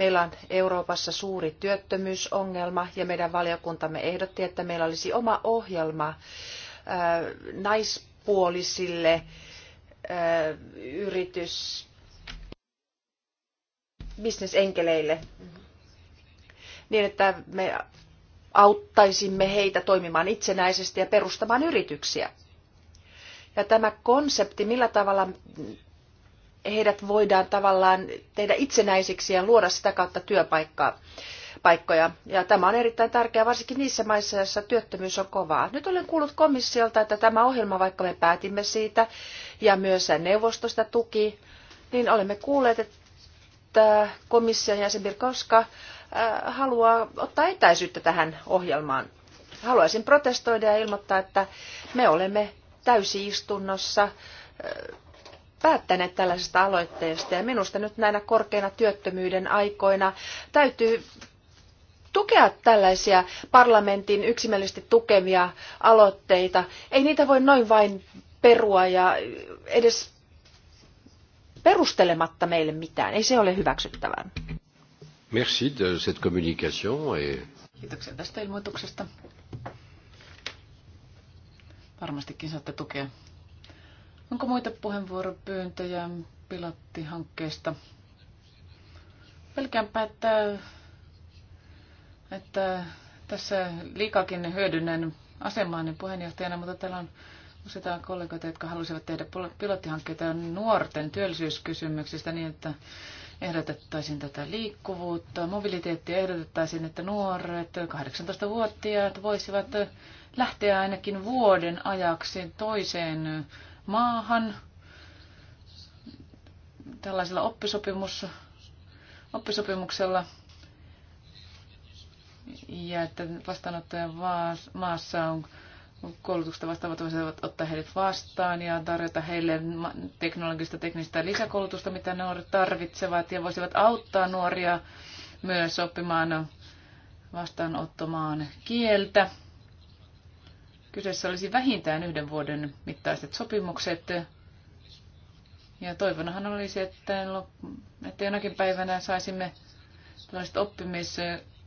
Meillä on Euroopassa suuri työttömyysongelma ja meidän valiokuntamme ehdotti, että meillä olisi oma ohjelma äh, naispuolisille äh, yritys bisnesenkeleille niin, että me auttaisimme heitä toimimaan itsenäisesti ja perustamaan yrityksiä. Ja tämä konsepti, millä tavalla heidät voidaan tavallaan tehdä itsenäisiksi ja luoda sitä kautta työpaikkaa. Paikkoja. Ja tämä on erittäin tärkeää, varsinkin niissä maissa, joissa työttömyys on kovaa. Nyt olen kuullut komissiolta, että tämä ohjelma, vaikka me päätimme siitä, ja myös neuvostosta tuki, niin olemme kuulleet, että komission jäsen Birkoska äh, haluaa ottaa etäisyyttä tähän ohjelmaan. Haluaisin protestoida ja ilmoittaa, että me olemme täysistunnossa äh, päättäneet tällaisesta aloitteesta ja minusta nyt näinä korkeina työttömyyden aikoina täytyy tukea tällaisia parlamentin yksimielisesti tukemia aloitteita. Ei niitä voi noin vain perua ja edes perustelematta meille mitään. Ei se ole hyväksyttävää. Merci de cette communication et... Kiitoksia tästä ilmoituksesta. Varmastikin saatte tukea Onko muita puheenvuoropyyntöjä pilottihankkeesta? Pelkäänpä, että, että tässä liikakin hyödynnän asemaani puheenjohtajana, mutta täällä on useita kollegoita, jotka halusivat tehdä pilottihankkeita nuorten työllisyyskysymyksistä niin, että ehdotettaisiin tätä liikkuvuutta, mobiliteettia ehdotettaisiin, että nuoret 18-vuotiaat voisivat lähteä ainakin vuoden ajaksi toiseen maahan tällaisella oppisopimus, oppisopimuksella ja että vastaanottajan maassa on koulutuksesta vastaavat voisivat ottaa heidät vastaan ja tarjota heille teknologista teknistä lisäkoulutusta, mitä nuoret tarvitsevat ja voisivat auttaa nuoria myös oppimaan vastaanottomaan kieltä. Kyseessä olisi vähintään yhden vuoden mittaiset sopimukset. Ja toivonahan olisi, että, että jonakin päivänä saisimme tällaiset oppimis,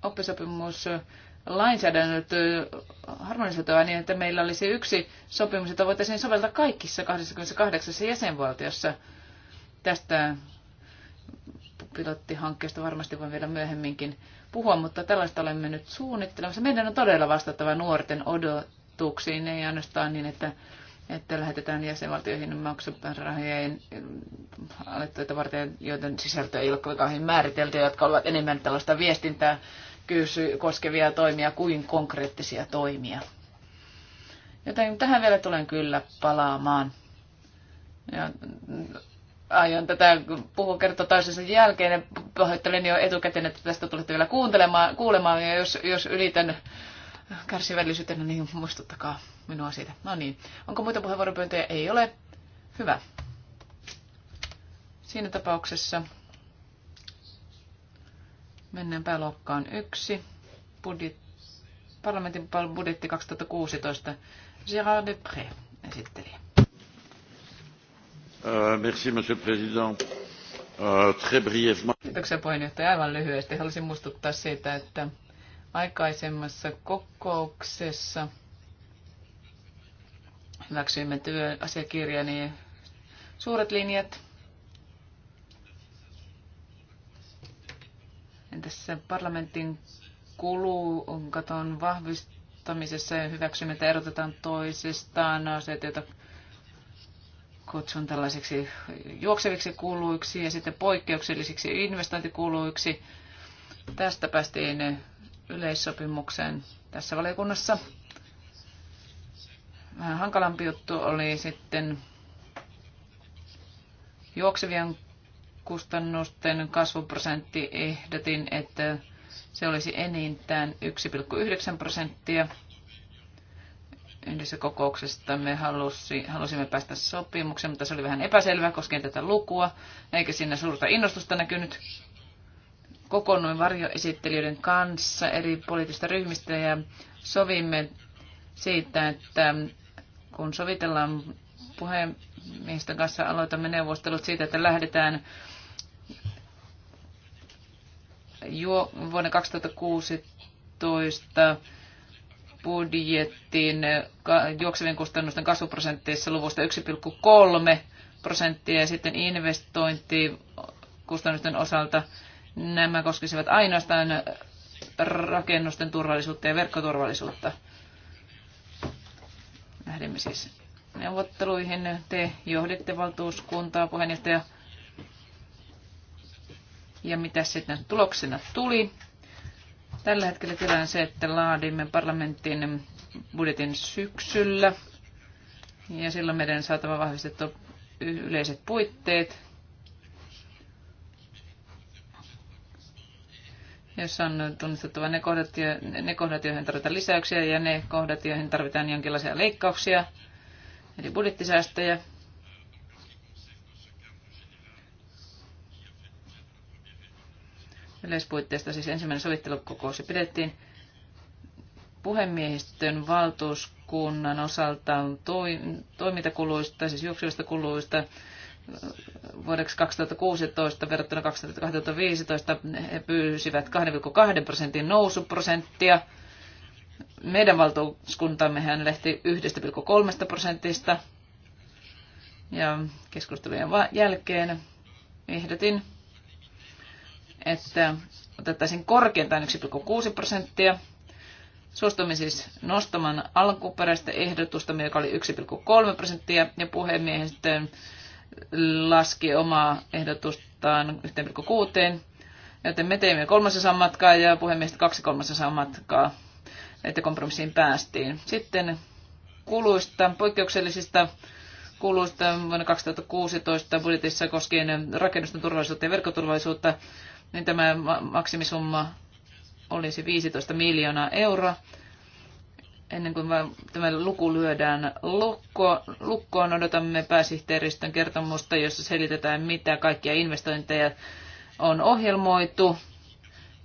oppisopimus lainsäädännöt harmonisoitua niin, että meillä olisi yksi sopimus, jota voitaisiin soveltaa kaikissa 28 jäsenvaltiossa. Tästä pilottihankkeesta varmasti voin vielä myöhemminkin puhua, mutta tällaista olemme nyt suunnittelemassa. Meidän on todella vastattava nuorten odot etuuksiin, ei ainoastaan niin, että, että lähetetään jäsenvaltioihin maksurahojen alettuja varten, joiden sisältö ei ole kovin määritelty, jotka ovat enemmän tällaista viestintää kyysy koskevia toimia kuin konkreettisia toimia. Joten tähän vielä tulen kyllä palaamaan. Ja mm, aion tätä puhua kertoa toisensa jälkeen ja pahoittelen jo etukäteen, että tästä tulette vielä kuuntelemaan, kuulemaan. Ja jos, jos ylitän kärsivällisyytenä, niin muistuttakaa minua siitä. No niin, onko muita puheenvuoropyyntöjä? Ei ole. Hyvä. Siinä tapauksessa mennään pääluokkaan yksi. Budjet, parlamentin budjetti 2016. Gérard Depré esitteli. Uh, merci, monsieur le président. Uh, très brièvement. Kiitoksia puheenjohtaja. Aivan lyhyesti haluaisin muistuttaa siitä, että aikaisemmassa kokouksessa hyväksyimme työasiakirjan niin suuret linjat. Tässä parlamentin kulu on katon vahvistamisessa ja että erotetaan toisistaan asiat, no, joita kutsun tällaisiksi juokseviksi kuluiksi ja sitten poikkeuksellisiksi investointikuluiksi. Tästä päästiin yleissopimukseen tässä valiokunnassa. Vähän hankalampi juttu oli sitten juoksevien kustannusten kasvuprosentti. Ehdotin, että se olisi enintään 1,9 prosenttia. Yhdessä kokouksesta me halusi, halusimme päästä sopimukseen, mutta se oli vähän epäselvä, koskien tätä lukua, eikä siinä suurta innostusta näkynyt kokoonnuin varjoesittelijöiden kanssa eri poliittisista ryhmistä ja sovimme siitä, että kun sovitellaan puhemiehistön kanssa, aloitamme neuvostelut siitä, että lähdetään jo vuonna 2016 budjettiin juoksevien kustannusten kasvuprosentteissa luvusta 1,3 prosenttia ja sitten investointikustannusten osalta Nämä koskisivat ainoastaan rakennusten turvallisuutta ja verkkoturvallisuutta. Lähdemme siis neuvotteluihin. Te johditte valtuuskuntaa, puheenjohtaja. Ja mitä sitten tuloksena tuli? Tällä hetkellä tilanne se, että laadimme parlamentin budjetin syksyllä. Ja silloin meidän on saatava vahvistettua yleiset puitteet jossa on tunnistettava ne kohdat, ne kohdat, joihin tarvitaan lisäyksiä ja ne kohdat, joihin tarvitaan jonkinlaisia leikkauksia, eli budjettisäästöjä. Yleispuitteista siis ensimmäinen sovittelukokous pidettiin puhemiehistön valtuuskunnan osalta toimintakuluista, siis juoksevista kuluista, vuodeksi 2016 verrattuna 2015 he pyysivät 2,2 prosentin nousuprosenttia. Meidän valtuuskuntamme hän lähti 1,3 prosentista. Ja keskustelujen jälkeen ehdotin, että otettaisiin korkeintaan 1,6 prosenttia. Suostumme siis nostamaan alkuperäistä ehdotusta, joka oli 1,3 prosenttia, ja puhemiehistön laski omaa ehdotustaan 1,6, joten me teimme kolmasosan matkaa ja puhemies kaksi kolmasosaa matkaa, että kompromissiin päästiin. Sitten kuluista, poikkeuksellisista kuluista vuonna 2016 budjetissa koskien rakennusten turvallisuutta ja verkkoturvallisuutta, niin tämä maksimisumma olisi 15 miljoonaa euroa ennen kuin tämä luku lyödään lukko, lukkoon, odotamme pääsihteeristön kertomusta, jossa selitetään, mitä kaikkia investointeja on ohjelmoitu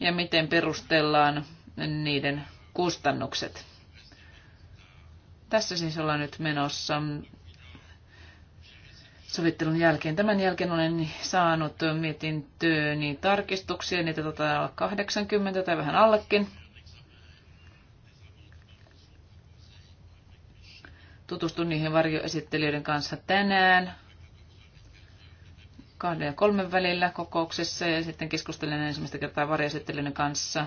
ja miten perustellaan niiden kustannukset. Tässä siis ollaan nyt menossa sovittelun jälkeen. Tämän jälkeen olen saanut mietintööni tarkistuksia, niitä tota 80 tai vähän allekin. tutustun niihin varjoesittelijöiden kanssa tänään kahden ja kolmen välillä kokouksessa ja sitten keskustelen ensimmäistä kertaa varjoesittelijöiden kanssa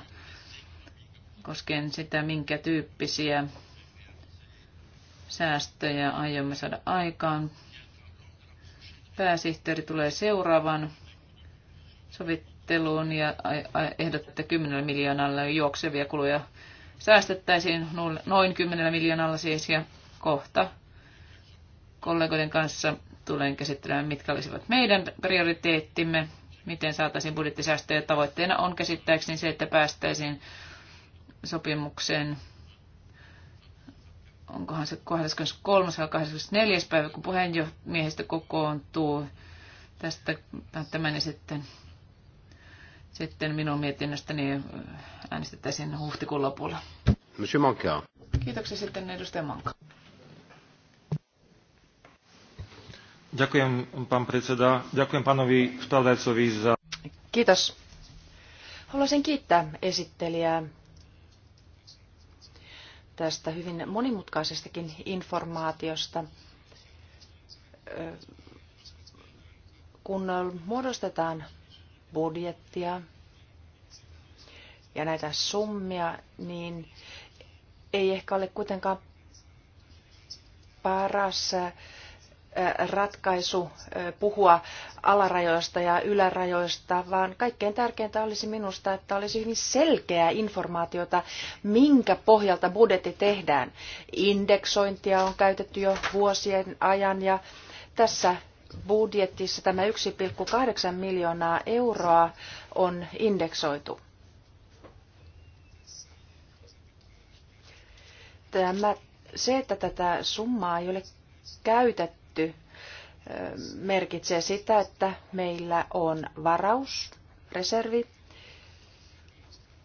koskien sitä, minkä tyyppisiä säästöjä aiomme saada aikaan. Pääsihteeri tulee seuraavan sovitteluun ja ehdottaa, että 10 miljoonalla juoksevia kuluja säästettäisiin noin 10 miljoonalla siis ja kohta kollegoiden kanssa tulen käsittelemään, mitkä olisivat meidän prioriteettimme, miten saataisiin budjettisäästöjä. Tavoitteena on käsittääkseni se, että päästäisiin sopimukseen onkohan se 23. vai 24. päivä, kun puheenjohtajamiehistö kokoontuu tästä, tämän ja sitten, sitten minun mietinnöstäni äänestettäisiin huhtikuun lopulla. Monsieur Kiitoksia sitten edustaja Manka. Ďakujem, pán predseda. Ďakujem pánovi spravodajcovi za... Kiitos. Haluaisin kiittää esittelijää tästä hyvin monimutkaisestakin informaatiosta. Kun muodostetaan budjettia ja näitä summia, niin ei ehkä ole kuitenkaan paras ratkaisu puhua alarajoista ja ylärajoista, vaan kaikkein tärkeintä olisi minusta, että olisi hyvin selkeää informaatiota, minkä pohjalta budjetti tehdään. Indeksointia on käytetty jo vuosien ajan ja tässä budjetissa tämä 1,8 miljoonaa euroa on indeksoitu. Tämä, se, että tätä summaa ei ole käytetty, tehty merkitsee sitä, että meillä on varaus, reservi,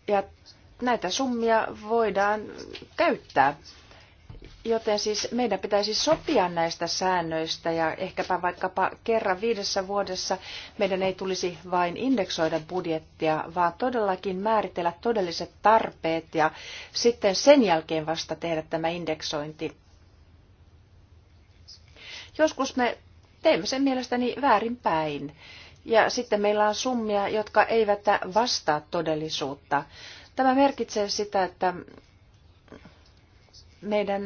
ja näitä summia voidaan käyttää. Joten siis meidän pitäisi sopia näistä säännöistä ja ehkäpä vaikkapa kerran viidessä vuodessa meidän ei tulisi vain indeksoida budjettia, vaan todellakin määritellä todelliset tarpeet ja sitten sen jälkeen vasta tehdä tämä indeksointi. Joskus me teemme sen mielestäni väärinpäin. Ja sitten meillä on summia, jotka eivät vastaa todellisuutta. Tämä merkitsee sitä, että meidän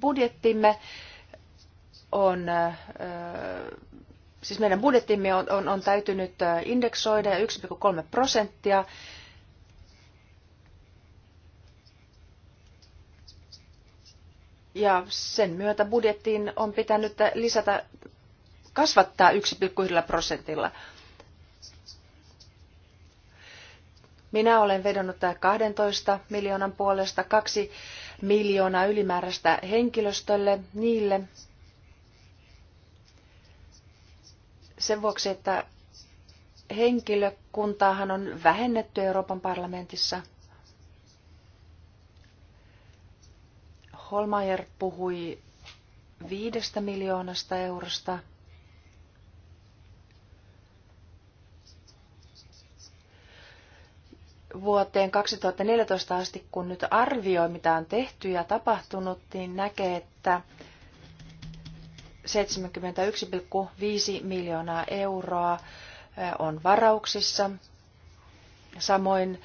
budjettimme on, siis meidän budjettimme on, on, on täytynyt indeksoida 1,3 prosenttia Ja sen myötä budjettiin on pitänyt lisätä, kasvattaa 1,1 prosentilla. Minä olen vedonnut 12 miljoonan puolesta kaksi miljoonaa ylimääräistä henkilöstölle, niille sen vuoksi, että henkilökuntaahan on vähennetty Euroopan parlamentissa – Holmeier puhui viidestä miljoonasta eurosta. Vuoteen 2014 asti, kun nyt arvioi, mitä on tehty ja tapahtunut, niin näkee, että 71,5 miljoonaa euroa eh, on varauksissa. Samoin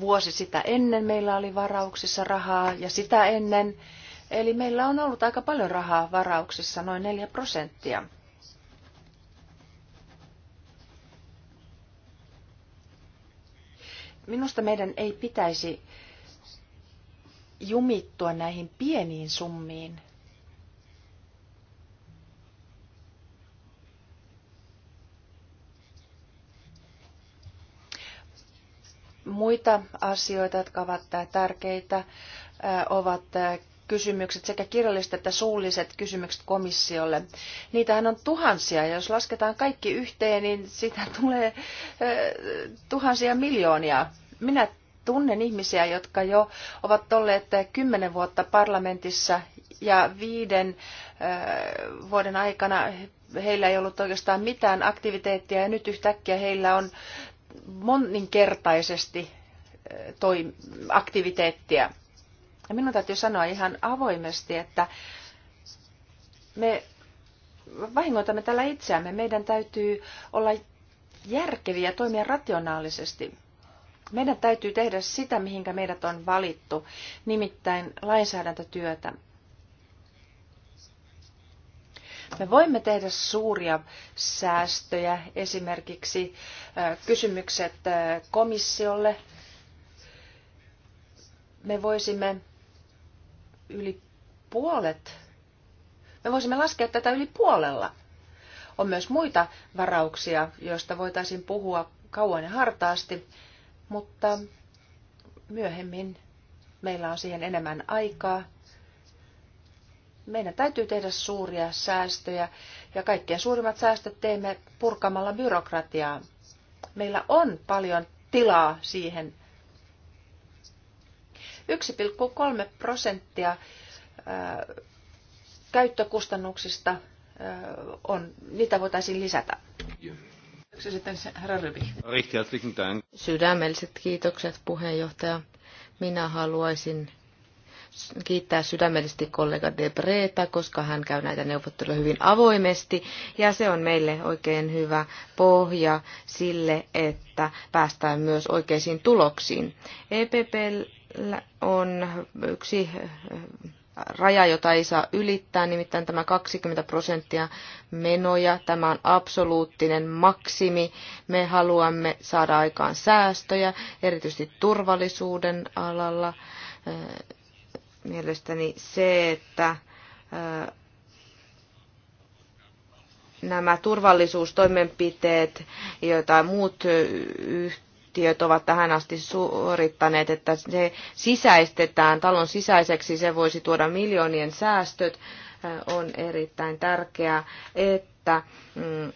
Vuosi sitä ennen meillä oli varauksissa rahaa ja sitä ennen. Eli meillä on ollut aika paljon rahaa varauksissa, noin 4 prosenttia. Minusta meidän ei pitäisi jumittua näihin pieniin summiin, Muita asioita, jotka ovat tärkeitä, ovat kysymykset, sekä kirjalliset että suulliset kysymykset komissiolle. Niitähän on tuhansia, ja jos lasketaan kaikki yhteen, niin sitä tulee tuhansia miljoonia. Minä tunnen ihmisiä, jotka jo ovat olleet kymmenen vuotta parlamentissa ja viiden vuoden aikana heillä ei ollut oikeastaan mitään aktiviteettia ja nyt yhtäkkiä heillä on moninkertaisesti eh, toi, aktiviteettia. Ja minun täytyy sanoa ihan avoimesti, että me vahingoitamme tällä itseämme. Meidän täytyy olla järkeviä ja toimia rationaalisesti. Meidän täytyy tehdä sitä, mihinkä meidät on valittu, nimittäin lainsäädäntötyötä. Me voimme tehdä suuria säästöjä, esimerkiksi kysymykset komissiolle. Me voisimme yli puolet, me voisimme laskea tätä yli puolella. On myös muita varauksia, joista voitaisiin puhua kauan ja hartaasti, mutta myöhemmin meillä on siihen enemmän aikaa meidän täytyy tehdä suuria säästöjä ja kaikkein suurimmat säästöt teemme purkamalla byrokratiaa. Meillä on paljon tilaa siihen. 1,3 prosenttia käyttökustannuksista on, niitä voitaisiin lisätä. Sitten herra Sydämelliset kiitokset puheenjohtaja. Minä haluaisin kiittää sydämellisesti kollega Debreta, koska hän käy näitä neuvotteluja hyvin avoimesti. Ja se on meille oikein hyvä pohja sille, että päästään myös oikeisiin tuloksiin. EPP on yksi eh, raja, jota ei saa ylittää, nimittäin tämä 20 prosenttia menoja. Tämä on absoluuttinen maksimi. Me haluamme saada aikaan säästöjä, erityisesti turvallisuuden alalla eh, Mielestäni se, että nämä turvallisuustoimenpiteet, joita muut yhtiöt ovat tähän asti suorittaneet, että se sisäistetään talon sisäiseksi, se voisi tuoda miljoonien säästöt, on erittäin tärkeää, että mm,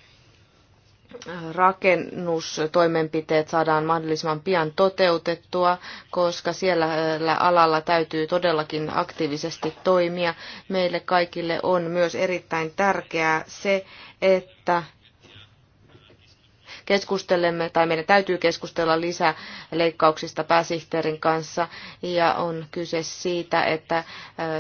rakennustoimenpiteet saadaan mahdollisimman pian toteutettua, koska siellä alalla täytyy todellakin aktiivisesti toimia. Meille kaikille on myös erittäin tärkeää se, että keskustelemme tai meidän täytyy keskustella lisää leikkauksista pääsihteerin kanssa ja on kyse siitä, että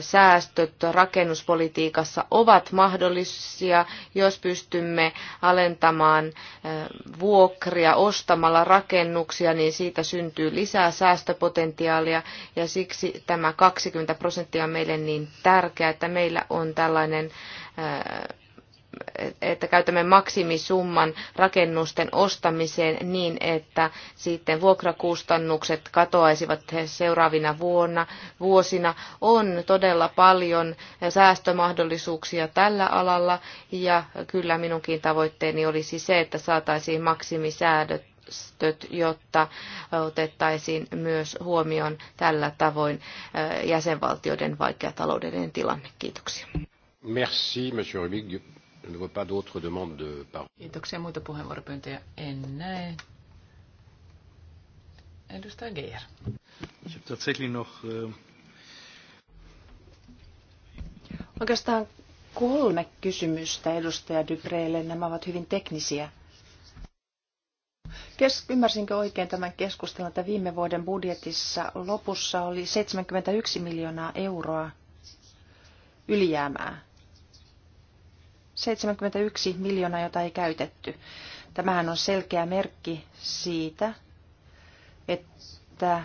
säästöt rakennuspolitiikassa ovat mahdollisia, jos pystymme alentamaan vuokria ostamalla rakennuksia, niin siitä syntyy lisää säästöpotentiaalia ja siksi tämä 20 prosenttia on meille niin tärkeää, että meillä on tällainen että käytämme maksimisumman rakennusten ostamiseen niin, että sitten vuokrakustannukset katoaisivat seuraavina vuonna, vuosina. On todella paljon säästömahdollisuuksia tällä alalla ja kyllä minunkin tavoitteeni olisi se, että saataisiin maksimisäädöt jotta otettaisiin myös huomioon tällä tavoin jäsenvaltioiden vaikea taloudellinen tilanne. Kiitoksia. Merci, monsieur Je ne vois pas d'autres demandes de parole. Kiitoksia. Muita puheenvuoropyyntöjä en näe. Edustaja Geijer. Äh, Oikeastaan kolme kysymystä edustaja Dybreille. Nämä ovat hyvin teknisiä. Kes, ymmärsinkö oikein tämän keskustelun, että viime vuoden budjetissa lopussa oli 71 miljoonaa euroa ylijäämää 71 miljoonaa, jota ei käytetty. Tämähän on selkeä merkki siitä, että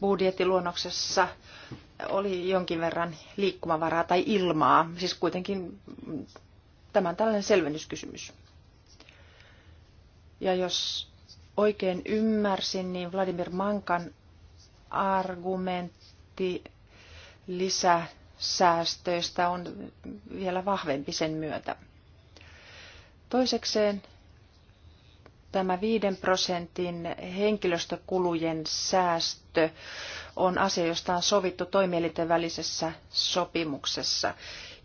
budjettiluonnoksessa oli jonkin verran liikkumavaraa tai ilmaa. Siis kuitenkin tämä on tällainen selvennyskysymys. Ja jos oikein ymmärsin, niin Vladimir Mankan argumentti lisää säästöistä on vielä vahvempi sen myötä. Toisekseen tämä 5 prosentin henkilöstökulujen säästö on asia, josta on sovittu toimielinten välisessä sopimuksessa.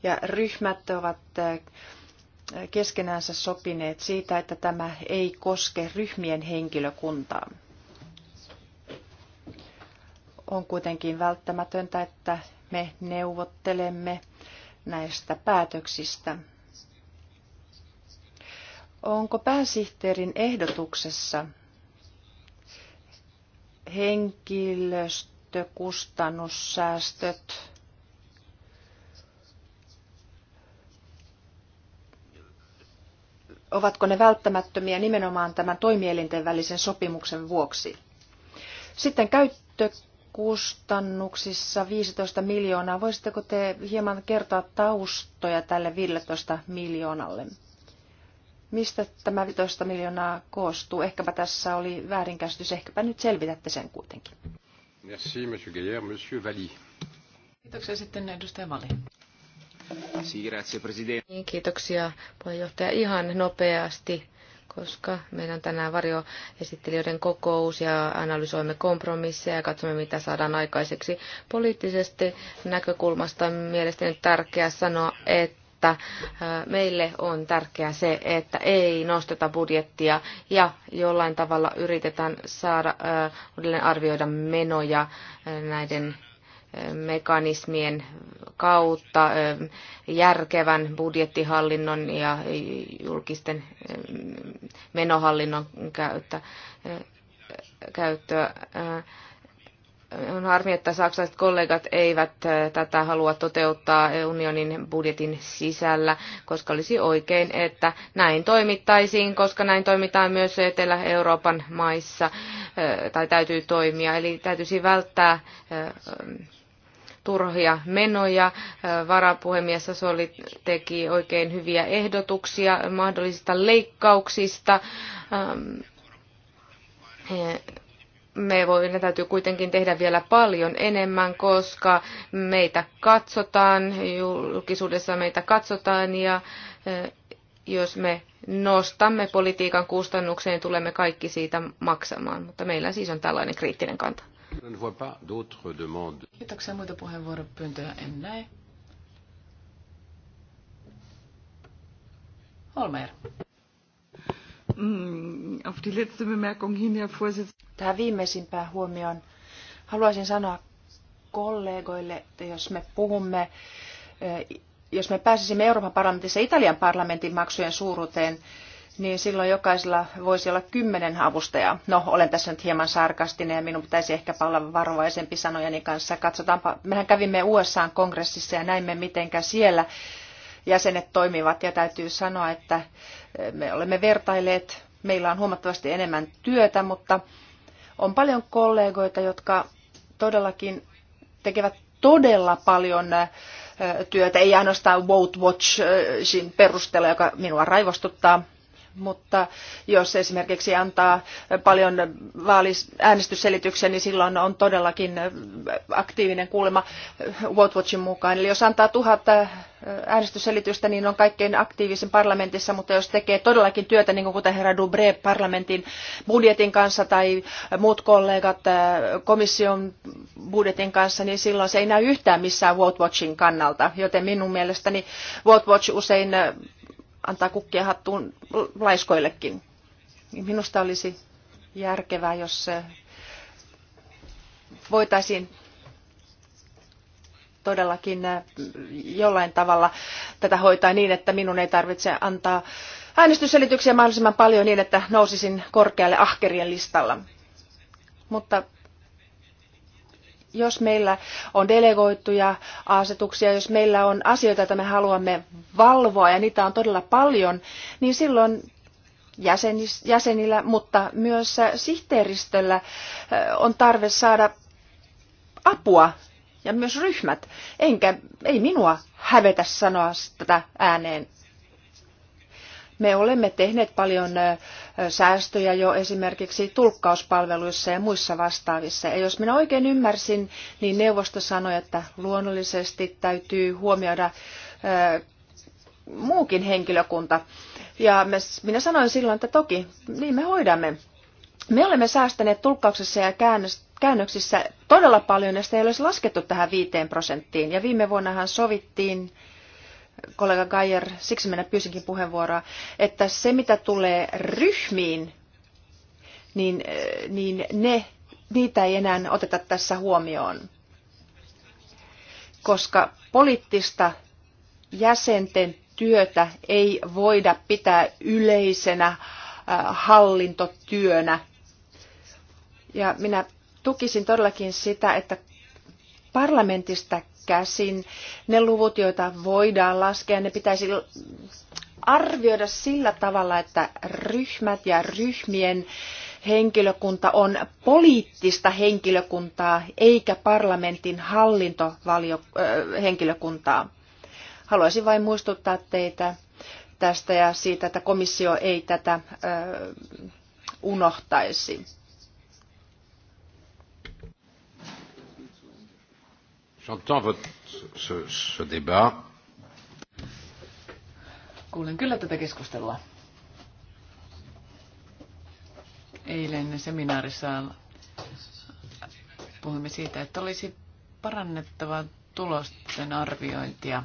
Ja ryhmät ovat äh, keskenäänsä sopineet siitä, että tämä ei koske ryhmien henkilökuntaa. On kuitenkin välttämätöntä, että me neuvottelemme näistä päätöksistä. Onko pääsihteerin ehdotuksessa henkilöstökustannussäästöt ovatko ne välttämättömiä nimenomaan tämän toimielinten välisen sopimuksen vuoksi. Sitten käyttö kustannuksissa 15 miljoonaa. Voisitteko te hieman kertoa taustoja tälle 15 miljoonalle? Mistä tämä 15 miljoonaa koostuu? Ehkäpä tässä oli väärinkäsitys, ehkäpä nyt selvitätte sen kuitenkin. Merci, monsieur Gaillard. Monsieur Valli. Kiitoksia sitten edustaja Valli. Niin, kiitoksia puheenjohtaja. Ihan nopeasti koska meillä on tänään varjoesittelijöiden kokous ja analysoimme kompromisseja ja katsomme, mitä saadaan aikaiseksi. Poliittisesti näkökulmasta on mielestäni tärkeää sanoa, että äh, meille on tärkeää se, että ei nosteta budjettia ja jollain tavalla yritetään saada äh, uudelleen arvioida menoja äh, näiden mekanismien kautta, järkevän budjettihallinnon ja julkisten menohallinnon käyttä, käyttöä. On harmi, että saksalaiset kollegat eivät tätä halua toteuttaa unionin budjetin sisällä, koska olisi oikein, että näin toimittaisiin, koska näin toimitaan myös Etelä-Euroopan maissa, tai täytyy toimia. Eli täytyisi välttää turhia menoja. Varapuhemies Sasoli teki oikein hyviä ehdotuksia mahdollisista leikkauksista. Me voimme, täytyy kuitenkin tehdä vielä paljon enemmän, koska meitä katsotaan, julkisuudessa meitä katsotaan ja jos me nostamme politiikan kustannukseen, tulemme kaikki siitä maksamaan. Mutta meillä siis on tällainen kriittinen kanta. Kiitoksia muita puheenvuoropyyntöjä en näe. Holmer. Mm, auf die letzte Bemerkung hin, Herr Vorsitzender. Tähän viimeisimpään huomioon haluaisin sanoa kollegoille, että jos me puhumme, eh, jos me pääsisimme Euroopan parlamentissa Italian parlamentin maksujen suuruuteen, niin silloin jokaisella voisi olla kymmenen avustajaa. No, olen tässä nyt hieman sarkastinen ja minun pitäisi ehkä olla varovaisempi sanojeni kanssa. Katsotaanpa, mehän kävimme USA-kongressissa ja näimme, mitenkä siellä jäsenet toimivat. Ja täytyy sanoa, että e, me olemme vertailleet, meillä on huomattavasti enemmän työtä, mutta on paljon kollegoita, jotka todellakin tekevät todella paljon e, työtä, ei ainoastaan Vote Watchin perusteella, joka minua raivostuttaa, mutta jos esimerkiksi antaa paljon äänestysselityksiä, niin silloin on todellakin aktiivinen kuulema Watchin mukaan. Eli jos antaa tuhat äänestysselitystä, niin on kaikkein aktiivisin parlamentissa, mutta jos tekee todellakin työtä, niin kuin kuten herra Dubre parlamentin budjetin kanssa tai muut kollegat komission budjetin kanssa, niin silloin se ei näy yhtään missään Watchin kannalta, joten minun mielestäni Watch usein antaa kukkia hattuun laiskoillekin. Minusta olisi järkevää, jos voitaisiin todellakin äh, jollain tavalla tätä hoitaa niin, että minun ei tarvitse antaa äänestysselityksiä mahdollisimman paljon niin, että nousisin korkealle ahkerien listalla. Mutta jos meillä on delegoituja asetuksia, jos meillä on asioita, joita me haluamme valvoa ja niitä on todella paljon, niin silloin jäsenillä, mutta myös sihteeristöllä on tarve saada apua ja myös ryhmät. Enkä, ei minua hävetä sanoa tätä ääneen. Me olemme tehneet paljon säästöjä jo esimerkiksi tulkkauspalveluissa ja muissa vastaavissa. Ja jos minä oikein ymmärsin, niin neuvosto sanoi, että luonnollisesti täytyy huomioida muukin henkilökunta. Ja minä sanoin silloin, että toki, niin me hoidamme. Me olemme säästäneet tulkkauksessa ja käännöksissä todella paljon, ja sitä ei olisi laskettu tähän viiteen prosenttiin. Ja viime vuonnahan sovittiin kollega Gajer, siksi minä pyysinkin puheenvuoroa, että se mitä tulee ryhmiin, niin, äh, niin ne, niitä ei enää oteta tässä huomioon. Koska poliittista jäsenten työtä ei voida pitää yleisenä äh, hallintotyönä. Ja minä tukisin todellakin sitä, että parlamentista käsin. Ne luvut, joita voidaan laskea, ne pitäisi arvioida sillä tavalla, että ryhmät ja ryhmien henkilökunta on poliittista henkilökuntaa eikä parlamentin hallintohenkilökuntaa. Haluaisin vain muistuttaa teitä tästä ja siitä, että komissio ei tätä unohtaisi. J'entends votre, ce, ce débat. Kuulen kyllä tätä keskustelua. Eilen seminaarissa puhuimme siitä, että olisi parannettava tulosten arviointia.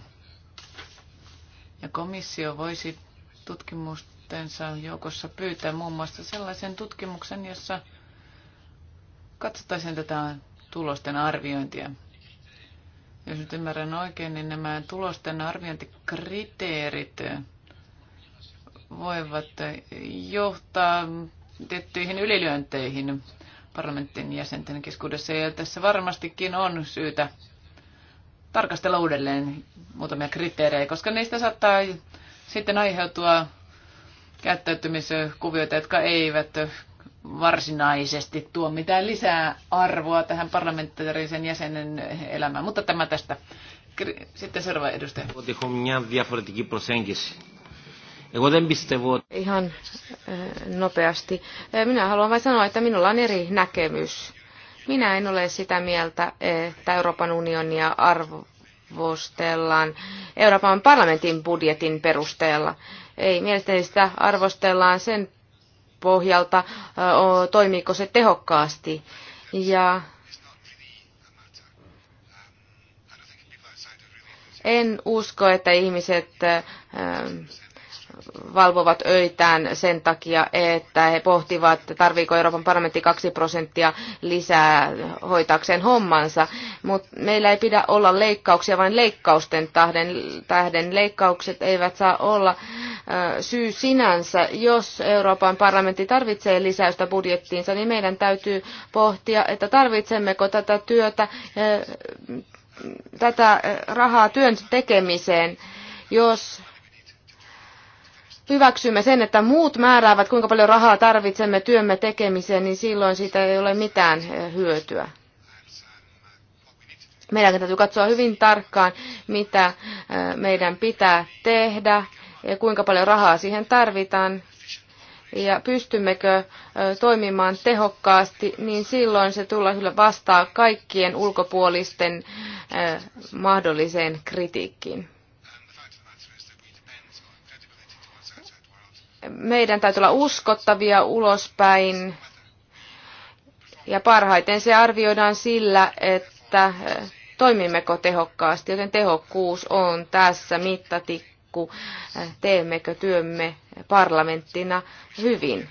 Ja komissio voisi tutkimustensa joukossa pyytää muun muassa sellaisen tutkimuksen, jossa katsottaisiin tätä tulosten arviointia jos nyt ymmärrän oikein, niin nämä tulosten arviointikriteerit voivat johtaa tiettyihin ylilyönteihin parlamentin jäsenten keskuudessa. Ja tässä varmastikin on syytä tarkastella uudelleen muutamia kriteerejä, koska niistä saattaa sitten aiheutua käyttäytymiskuvioita, jotka eivät varsinaisesti tuo mitään lisää arvoa tähän parlamentaarisen jäsenen elämään, mutta tämä tästä. Sitten seuraava edustaja. Ihan nopeasti. Minä haluan vain sanoa, että minulla on eri näkemys. Minä en ole sitä mieltä, että Euroopan unionia arvostellaan Euroopan parlamentin budjetin perusteella. Ei, mielestäni sitä arvostellaan sen pohjalta, toimiiko se tehokkaasti. Ja en usko, että ihmiset valvovat öitään sen takia, että he pohtivat, tarviiko Euroopan parlamentti 2 prosenttia lisää hoitaakseen hommansa. Mutta meillä ei pidä olla leikkauksia vain leikkausten tähden. tähden. Leikkaukset eivät saa olla syy sinänsä. Jos Euroopan parlamentti tarvitsee lisäystä budjettiinsa, niin meidän täytyy pohtia, että tarvitsemmeko tätä työtä, tätä rahaa työn tekemiseen. Jos hyväksymme sen, että muut määräävät, kuinka paljon rahaa tarvitsemme työmme tekemiseen, niin silloin siitä ei ole mitään eh, hyötyä. Meidän täytyy katsoa hyvin tarkkaan, mitä eh, meidän pitää tehdä ja kuinka paljon rahaa siihen tarvitaan ja pystymmekö eh, toimimaan tehokkaasti, niin silloin se tulla vastaa kaikkien ulkopuolisten mahdolliseen kritiikkiin. meidän täytyy olla uskottavia ulospäin. Ja parhaiten se arvioidaan sillä, että eh, toimimmeko tehokkaasti, joten tehokkuus on tässä mittatikku, eh, teemmekö työmme parlamenttina hyvin.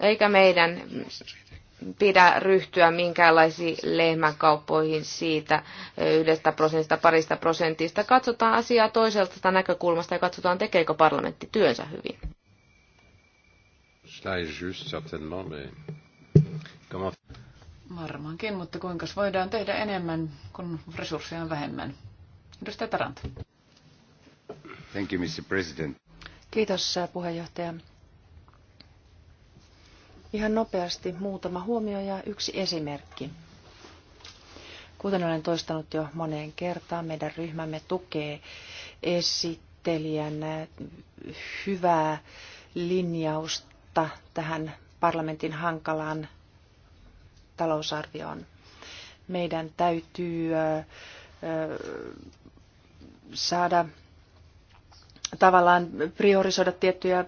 Eikä meidän pidä ryhtyä minkäänlaisiin lehmänkauppoihin siitä eh, yhdestä prosentista, parista prosentista. Katsotaan asiaa toiselta näkökulmasta ja katsotaan, tekeekö parlamentti työnsä hyvin. Cela est juste certainement, mais comment... Varmaankin, mutta kuinka voidaan tehdä enemmän, kun resursseja on vähemmän? Edustaja Tarant. Thank you, Mr. President. Kiitos, äh, puheenjohtaja. Ihan nopeasti muutama huomio ja yksi esimerkki. Kuten olen toistanut jo moneen kertaan, meidän ryhmämme tukee esittelijän äh, hyvää linjausta vakautta tähän parlamentin hankalaan talousarvioon. Meidän täytyy saada tavallaan priorisoida tiettyjä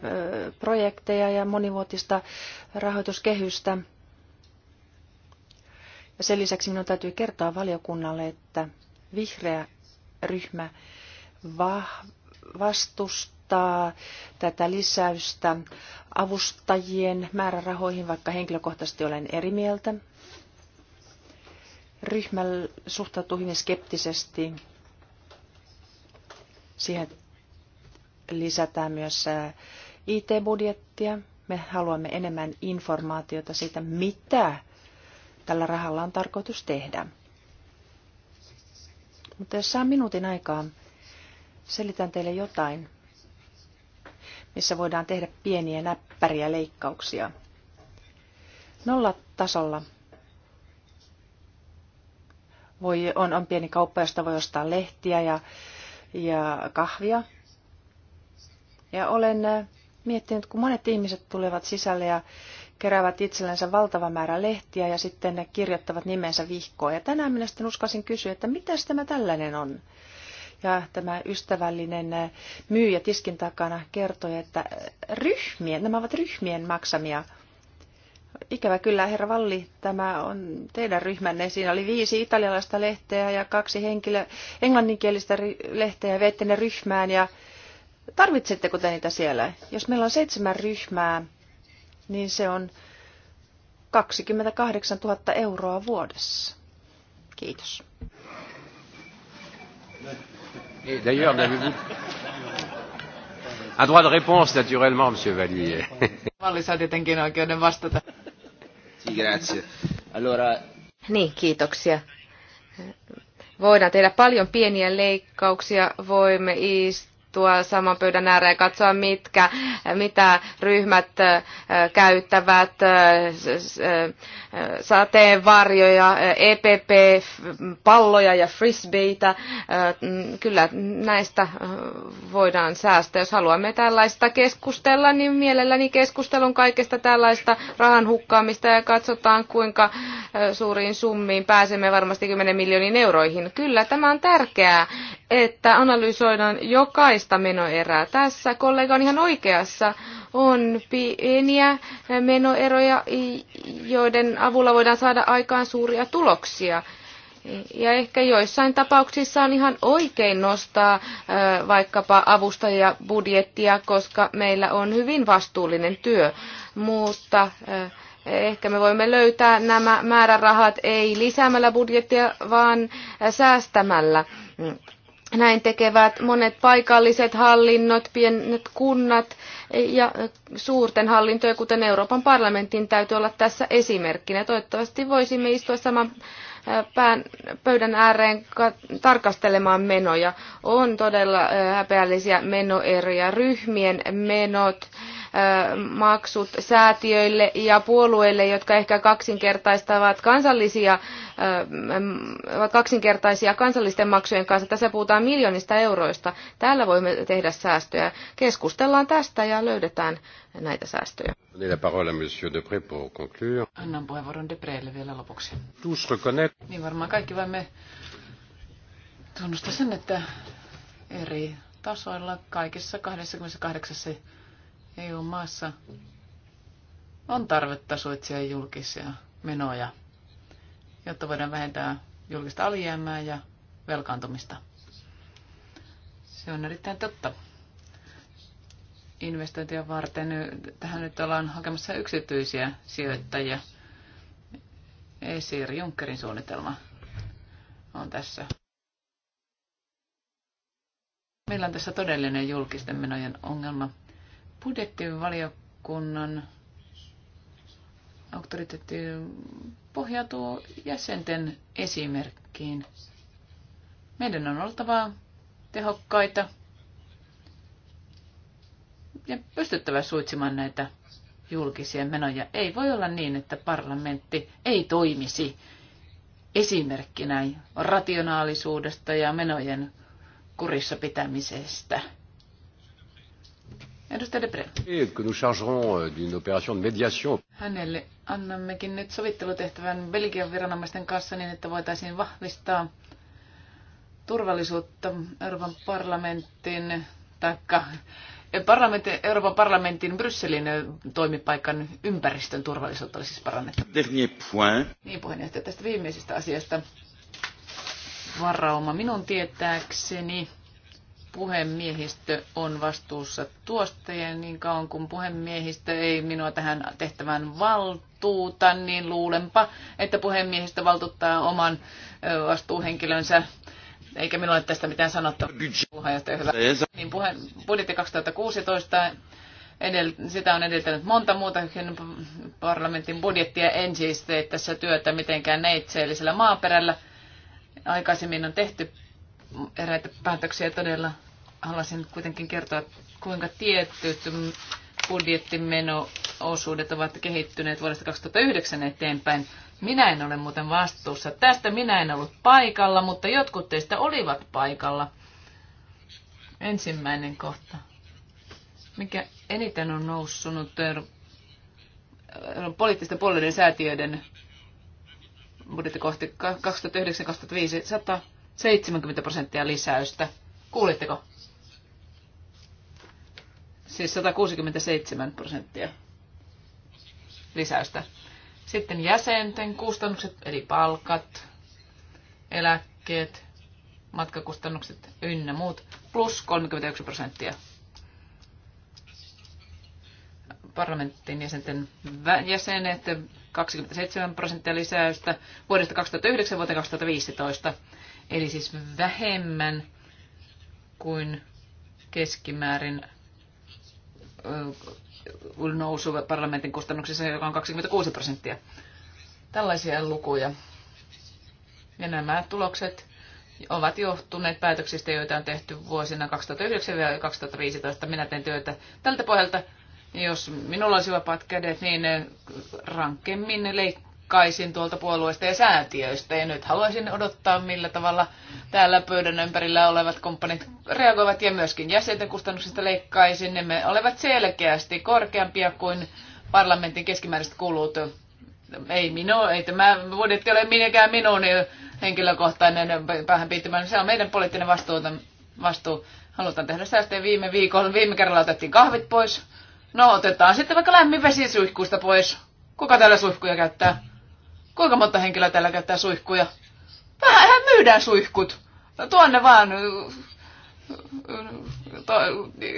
projekteja ja monivuotista rahoituskehystä. Ja sen lisäksi minun täytyy kertoa valiokunnalle, että vihreä ryhmä vastustaa korottaa tätä lisäystä avustajien määrärahoihin, vaikka henkilökohtaisesti olen eri mieltä. Ryhmä suhtautuu hyvin skeptisesti siihen lisätään myös äh, IT-budjettia. Me haluamme enemmän informaatiota siitä, mitä tällä rahalla on tarkoitus tehdä. Mutta jos saan minuutin aikaa, selitän teille jotain, missä voidaan tehdä pieniä näppäriä leikkauksia. Nollatasolla voi, on, on pieni kauppa, josta voi ostaa lehtiä ja, ja kahvia. Ja olen äh, miettinyt, kun monet ihmiset tulevat sisälle ja keräävät itsellensä valtava määrä lehtiä ja sitten ne kirjoittavat nimensä vihkoa. Ja tänään minä sitten uskasin kysyä, että mitä tämä tällainen on? Ja tämä ystävällinen eh, myyjä tiskin takana kertoi, että eh, ryhmien, nämä ovat ryhmien maksamia. Ikävä kyllä, herra Valli, tämä on teidän ryhmänne. Siinä oli viisi italialaista lehteä ja kaksi henkilö, englanninkielistä lehteä ja veitte ne ryhmään. Ja tarvitsetteko te niitä siellä? Jos meillä on seitsemän ryhmää, niin se on 28 000 euroa vuodessa. Kiitos. Et d'ailleurs, n'avez-vous un droit de réponse naturellement, Monsieur Vallier. Valli saa tietenkin oikeuden vastata. Grazie. Allora... Niin, kiitoksia. Voidaan tehdä paljon pieniä leikkauksia, voimme istua istua saman pöydän ääreen ja katsoa, mitkä, mitä ryhmät käyttävät, sateenvarjoja, EPP-palloja ja frisbeitä. Kyllä näistä voidaan säästää. Jos haluamme tällaista keskustella, niin mielelläni keskustelun kaikesta tällaista rahan hukkaamista ja katsotaan, kuinka suuriin summiin pääsemme varmasti 10 miljoonin euroihin. Kyllä, tämä on tärkeää, että analysoidaan jokaista toista menoerää. Tässä kollega on ihan oikeassa. On pieniä menoeroja, joiden avulla voidaan saada aikaan suuria tuloksia. Ja ehkä joissain tapauksissa on ihan oikein nostaa vaikkapa avustajabudjettia, koska meillä on hyvin vastuullinen työ. Mutta ehkä me voimme löytää nämä määrärahat ei lisäämällä budjettia, vaan säästämällä näin tekevät monet paikalliset hallinnot, pienet kunnat ja suurten hallintojen, kuten Euroopan parlamentin, täytyy olla tässä esimerkkinä. Toivottavasti voisimme istua saman pään, pöydän ääreen tarkastelemaan menoja. On todella häpeällisiä menoeriä, ryhmien menot, maksut säätiöille ja puolueille, jotka ehkä kaksinkertaistavat kansallisia ovat kaksinkertaisia kansallisten maksujen kanssa. Tässä puhutaan miljoonista euroista. Täällä voimme tehdä säästöjä. Keskustellaan tästä ja löydetään näitä säästöjä. Annan puheenvuoron Debrelle vielä lopuksi. Niin varmaan kaikki voimme tunnustaa sen, että eri tasoilla kaikissa 28 EU-maassa on tarvetta suitsia julkisia menoja jotta voidaan vähentää julkista alijäämää ja velkaantumista. Se on erittäin totta. Investointia varten tähän nyt ollaan hakemassa yksityisiä sijoittajia. Esir Junckerin suunnitelma on tässä. Meillä on tässä todellinen julkisten menojen ongelma. Budjettivaliokunnan auktoriteetti pohjautuu jäsenten esimerkkiin. Meidän on oltava tehokkaita ja pystyttävä suitsimaan näitä julkisia menoja. Ei voi olla niin, että parlamentti ei toimisi esimerkkinä rationaalisuudesta ja menojen kurissa pitämisestä. Edustaja Debre. Euh, Hänelle annammekin nyt sovittelutehtävän Belgian viranomaisten kanssa niin, että voitaisiin vahvistaa turvallisuutta Euroopan parlamentin taikka eh, parlamentin, Euroopan parlamentin Brysselin eh, toimipaikan ympäristön turvallisuutta olisi siis parannettu. Dernier point. Niin puheenjohtaja tästä viimeisestä asiasta. Varauma minun tietääkseni puhemiehistö on vastuussa tuosta ja niin kauan kun puhemiehistö ei minua tähän tehtävään valtuuta, niin luulenpa, että puhemiehistö valtuuttaa oman vastuuhenkilönsä eikä minulla ole tästä mitään sanottavaa. Puheenjohtaja, hyvä. Niin puhe, budjetti 2016, edel, sitä on edeltänyt monta muutakin parlamentin budjettia. En siis tee tässä työtä mitenkään neitseellisellä maaperällä. Aikaisemmin on tehty eräitä päätöksiä todella haluaisin kuitenkin kertoa, kuinka tietyt budjettimenoosuudet ovat kehittyneet vuodesta 2009 eteenpäin. Minä en ole muuten vastuussa. Tästä minä en ollut paikalla, mutta jotkut teistä olivat paikalla. Ensimmäinen kohta. Mikä eniten on noussunut poliittisten puolueiden säätiöiden budjettikohti 2009-2005 100 70 prosenttia lisäystä. Kuulitteko? Siis 167 prosenttia lisäystä. Sitten jäsenten kustannukset, eli palkat, eläkkeet, matkakustannukset ynnä muut, plus 31 prosenttia. Parlamentin jäsenten jäsenet 27 prosenttia lisäystä vuodesta 2009 vuoteen 2015 eli siis vähemmän kuin keskimäärin nousu parlamentin kustannuksissa, joka on 26 prosenttia. Tällaisia lukuja. Ja nämä tulokset ovat johtuneet päätöksistä, joita on tehty vuosina 2009-2015. Minä teen työtä tältä pohjalta. Jos minulla olisi vapaat kädet, niin rankemmin leikkaa kaisin tuolta puolueesta ja säätiöistä. Ja nyt haluaisin odottaa, millä tavalla täällä pöydän ympärillä olevat komppanit reagoivat ja myöskin jäsenten kustannuksista leikkaisin. Ne me olevat selkeästi korkeampia kuin parlamentin keskimääräiset kulut. Ei minua ei tämä budjetti ole minäkään minun henkilökohtainen päähän piittymään. Se on meidän poliittinen vastuuta, vastuu. Halutaan tehdä säästöjä viime viikolla. Viime kerralla otettiin kahvit pois. No otetaan sitten vaikka lämmin vesisuihkuista pois. Kuka täällä suihkuja käyttää? Kuinka monta henkilöä täällä käyttää suihkuja? Vähän myydään suihkut. Tuonne vaan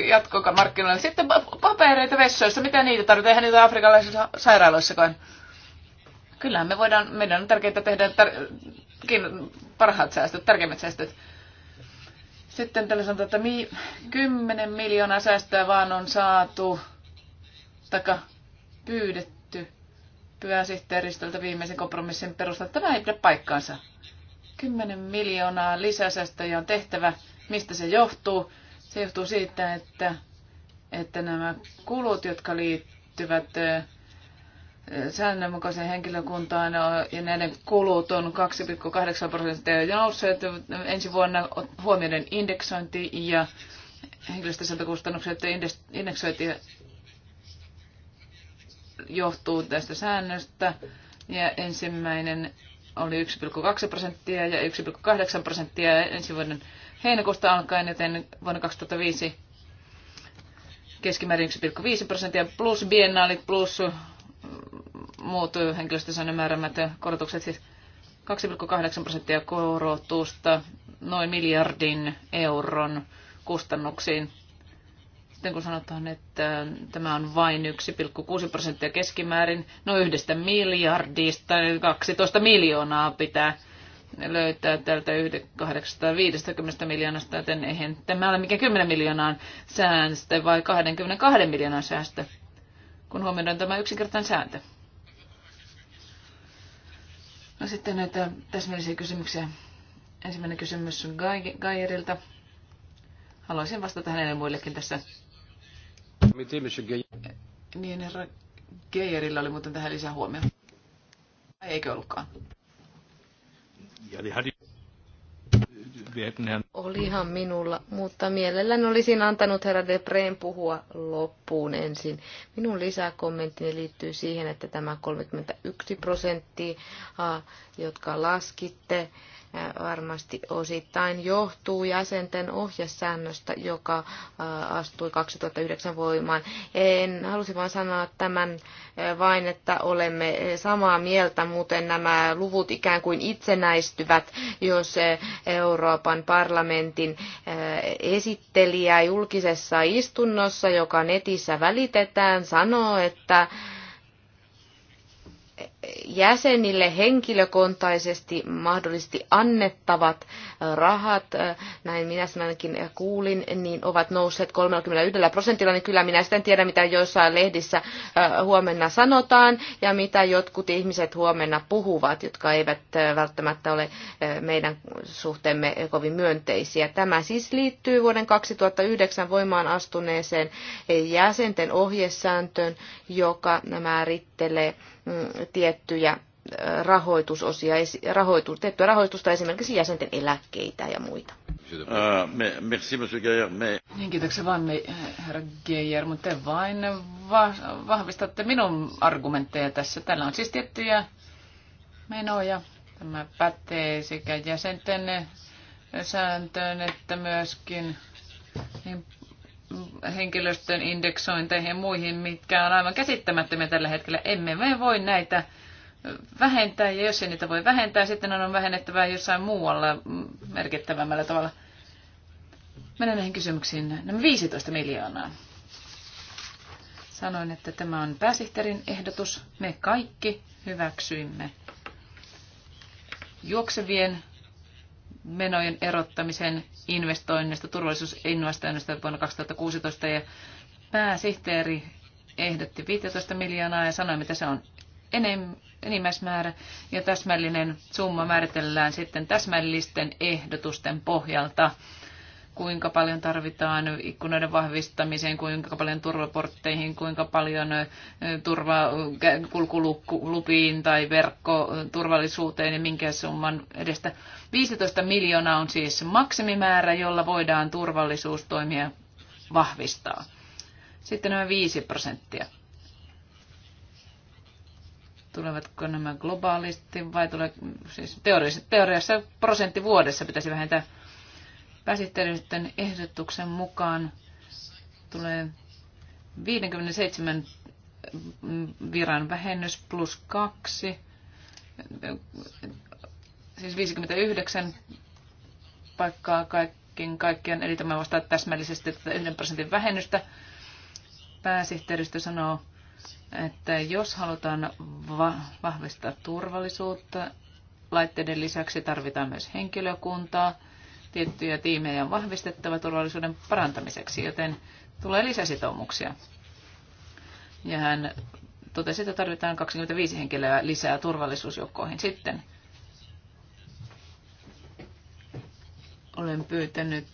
jatkoka markkinoille. Sitten papereita vessoissa, mitä niitä tarvitaan? Eihän niitä afrikalaisissa sairaaloissakaan. Kyllähän me voidaan, meidän on tärkeintä tehdä tar- parhaat säästöt, tärkeimmät säästöt. Sitten tällä sanotaan, että mi- 10 miljoonaa säästöä vaan on saatu, taka pyydetty pyhäsihteeristöltä viimeisen kompromissin perusteella. Tämä ei pidä paikkaansa. 10 miljoonaa lisäsäästöjä on tehtävä. Mistä se johtuu? Se johtuu siitä, että, että nämä kulut, jotka liittyvät säännönmukaisen henkilökuntaan ja näiden kulut on 2,8 prosenttia nousseet ensi vuonna huomioiden indeksointi ja henkilöstösääntökustannukset indeksoitiin johtuu tästä säännöstä. Ja ensimmäinen oli 1,2 prosenttia ja 1,8 prosenttia ensi vuoden heinäkuusta alkaen, joten vuonna 2005 keskimäärin 1,5 prosenttia plus biennaalit plus mm, muut henkilöstösäännön määrämät korotukset, siis 2,8 prosenttia korotusta noin miljardin euron kustannuksiin sitten kun sanotaan, että tämä on vain 1,6 prosenttia keskimäärin, no yhdestä miljardista 12 miljoonaa pitää löytää tältä 850 miljoonasta, joten eihän tämä ole mikään 10 miljoonaan säästö, vai 22 miljoonan säästö, kun huomioidaan tämä yksinkertainen sääntö. No sitten näitä täsmällisiä kysymyksiä. Ensimmäinen kysymys on Gaijerilta. Haluaisin vastata hänelle muillekin tässä. Niin herra Geijerillä oli muuten tähän lisää huomio. Eikö ollutkaan? Niin, Olihan minulla, mutta mielelläni olisin antanut herra Depreen puhua loppuun ensin. Minun lisäkommenttini liittyy siihen, että tämä 31 prosenttia, jotka laskitte, varmasti osittain johtuu jäsenten ohjesäännöstä, joka astui 2009 voimaan. En halusi vain sanoa tämän vain, että olemme samaa mieltä, muuten nämä luvut ikään kuin itsenäistyvät, jos Euroopan parlamentin esittelijä julkisessa istunnossa, joka netissä välitetään, sanoo, että jäsenille henkilökohtaisesti mahdollisesti annettavat äh, rahat, äh, näin minä sen kuulin, niin ovat nousseet 31 prosentilla, niin kyllä minä sitten tiedän, mitä joissain lehdissä äh, huomenna sanotaan ja mitä jotkut ihmiset huomenna puhuvat, jotka eivät välttämättä ole meidän suhteemme kovin myönteisiä. Tämä siis liittyy vuoden 2009 voimaan astuneeseen jäsenten ohjesääntöön, joka määrittelee mm, tiettyjä tiettyjä rahoitusosia, rahoitu, tiettyä rahoitusta, esimerkiksi jäsenten eläkkeitä ja muita. Niin, kiitoksia vaan, herra Geijer, mutta te vain vahvistatte minun argumentteja tässä. Täällä on siis tiettyjä menoja. Tämä pätee sekä jäsenten sääntöön että myöskin niin, henkilöstön indeksointeihin ja muihin, mitkä on aivan käsittämättömiä tällä hetkellä. Emme me voi näitä vähentää, ja jos ei niitä voi vähentää, sitten on vähennettävä jossain muualla merkittävämmällä tavalla. Mennään näihin kysymyksiin. Nämä 15 miljoonaa. Sanoin, että tämä on pääsihteerin ehdotus. Me kaikki hyväksyimme juoksevien menojen erottamisen investoinnista, turvallisuusinvestoinnista vuonna 2016 ja pääsihteeri ehdotti 15 miljoonaa ja sanoi, että se on enem, enimmäismäärä ja täsmällinen summa määritellään sitten täsmällisten ehdotusten pohjalta kuinka paljon tarvitaan ikkunoiden vahvistamiseen, kuinka paljon turvaportteihin, kuinka paljon turvakulkulupiin tai verkkoturvallisuuteen ja minkä summan edestä. 15 miljoonaa on siis maksimimäärä, jolla voidaan turvallisuustoimia vahvistaa. Sitten nämä 5 prosenttia. Tulevatko nämä globaalisti vai tulee, siis teoriassa, teoriassa prosentti vuodessa pitäisi vähentää pääsihteeristön ehdotuksen mukaan tulee 57 viran vähennys plus 2, siis 59 paikkaa kaikkien kaikkiaan, eli tämä vastaa täsmällisesti tätä yhden prosentin vähennystä. Pääsihteeristö sanoo, että jos halutaan vahvistaa turvallisuutta, laitteiden lisäksi tarvitaan myös henkilökuntaa. Tiettyjä tiimejä on vahvistettava turvallisuuden parantamiseksi, joten tulee lisäsitoumuksia. Ja hän totesi, että tarvitaan 25 henkilöä lisää turvallisuusjoukkoihin sitten. Olen pyytänyt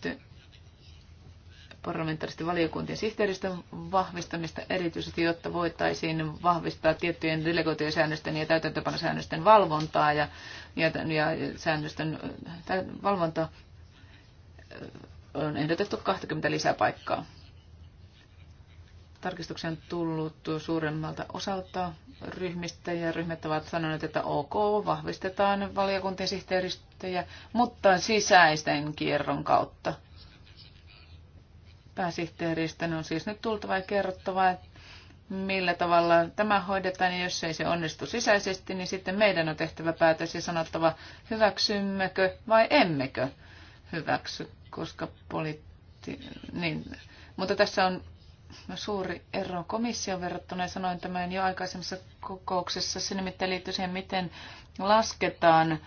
parlamentaaristen valiokuntien sihteeristön vahvistamista erityisesti, jotta voitaisiin vahvistaa tiettyjen delegointisäännösten ja täytäntöpanosäännösten valvontaa ja, ja, ja säännösten tä, valvonta on ehdotettu 20 lisäpaikkaa. tarkistuksen on tullut suuremmalta osalta ryhmistä ja ryhmät ovat sanoneet, että ok, vahvistetaan valiokuntien sihteeristöjä, mutta sisäisten kierron kautta niin on siis nyt tultava ja kerrottava, millä tavalla tämä hoidetaan, ja jos ei se onnistu sisäisesti, niin sitten meidän on tehtävä päätös ja sanottava, hyväksymmekö vai emmekö hyväksy, koska poliitti... Niin. Mutta tässä on suuri ero komission verrattuna, ja sanoin tämän jo aikaisemmassa kokouksessa, se nimittäin liittyy siihen, miten lasketaan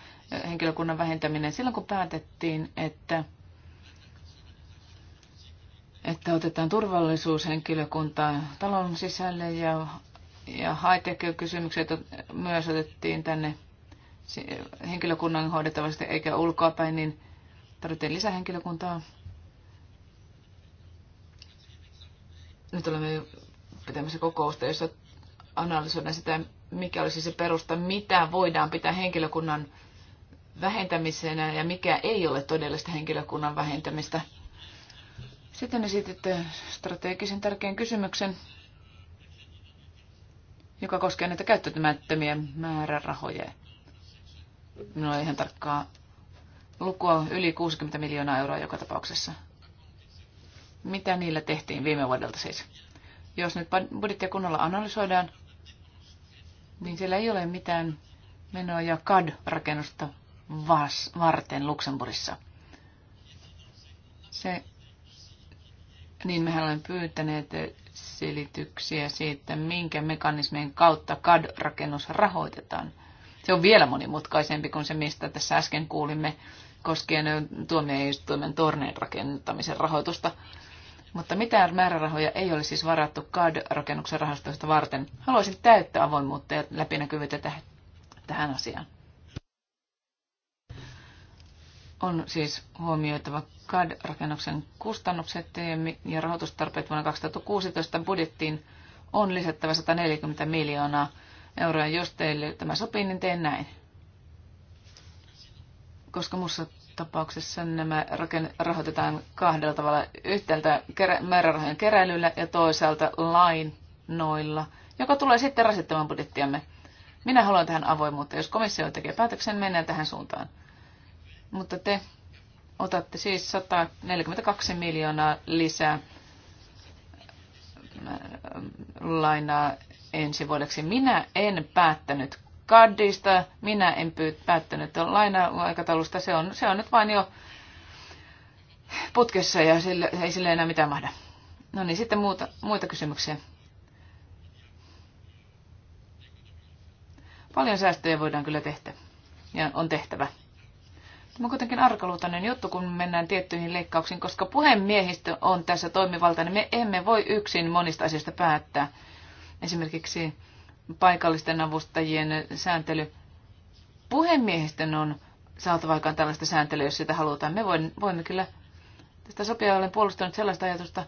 henkilökunnan vähentäminen. Silloin kun päätettiin, että että otetaan turvallisuushenkilökuntaa talon sisälle ja, ja high-tech-kysymykset myös otettiin tänne henkilökunnan hoidettavasti eikä ulkoapäin, niin tarvittiin lisähenkilökuntaa. Nyt olemme pitämässä kokousta, jossa analysoidaan sitä, mikä olisi se perusta, mitä voidaan pitää henkilökunnan vähentämisenä ja mikä ei ole todellista henkilökunnan vähentämistä – sitten esititte strategisen tärkeän kysymyksen, joka koskee näitä käyttämättömiä määrärahoja. Minulla ei ihan tarkkaa lukua yli 60 miljoonaa euroa joka tapauksessa. Mitä niillä tehtiin viime vuodelta siis? Jos nyt budjettia kunnolla analysoidaan, niin siellä ei ole mitään menoja CAD-rakennusta varten Luxemburissa. Se niin mehän olemme pyytäneet selityksiä siitä, minkä mekanismien kautta CAD-rakennus rahoitetaan. Se on vielä monimutkaisempi kuin se, mistä tässä äsken kuulimme koskien tuomioistuimen torneen rakentamisen rahoitusta. Mutta mitään määrärahoja ei ole siis varattu CAD-rakennuksen rahastoista varten. Haluaisin täyttää avoimuutta ja läpinäkyvyyttä tähän asiaan. On siis huomioitava CAD-rakennuksen kustannukset e ja rahoitustarpeet vuonna 2016 budjettiin on lisättävä 140 miljoonaa euroa. Jos teille tämä sopii, niin teen näin. Koska muussa tapauksessa nämä rahoitetaan kahdella tavalla. Yhtäältä määrärahojen keräilyllä ja toisaalta lainoilla, joka tulee sitten rasittamaan budjettiamme. Minä haluan tähän avoimuutta. Jos komissio tekee päätöksen, mennään tähän suuntaan. Mutta te otatte siis 142 miljoonaa lisää äh, lainaa ensi vuodeksi. Minä en päättänyt kaddista, minä en päättänyt laina-aikataulusta. Se on, se on nyt vain jo putkessa ja sille, ei sille enää mitään mahda. No niin, sitten muuta, muita kysymyksiä. Paljon säästöjä voidaan kyllä tehdä ja on tehtävä. Tämä on kuitenkin arkaluutainen juttu, kun mennään tiettyihin leikkauksiin, koska puhemiehistö on tässä toimivaltainen. Me emme voi yksin monista asioista päättää. Esimerkiksi paikallisten avustajien sääntely. Puhemiehistön on saatava aikaan tällaista sääntelyä, jos sitä halutaan. Me voimme kyllä tästä sopia. Olen puolustanut sellaista ajatusta,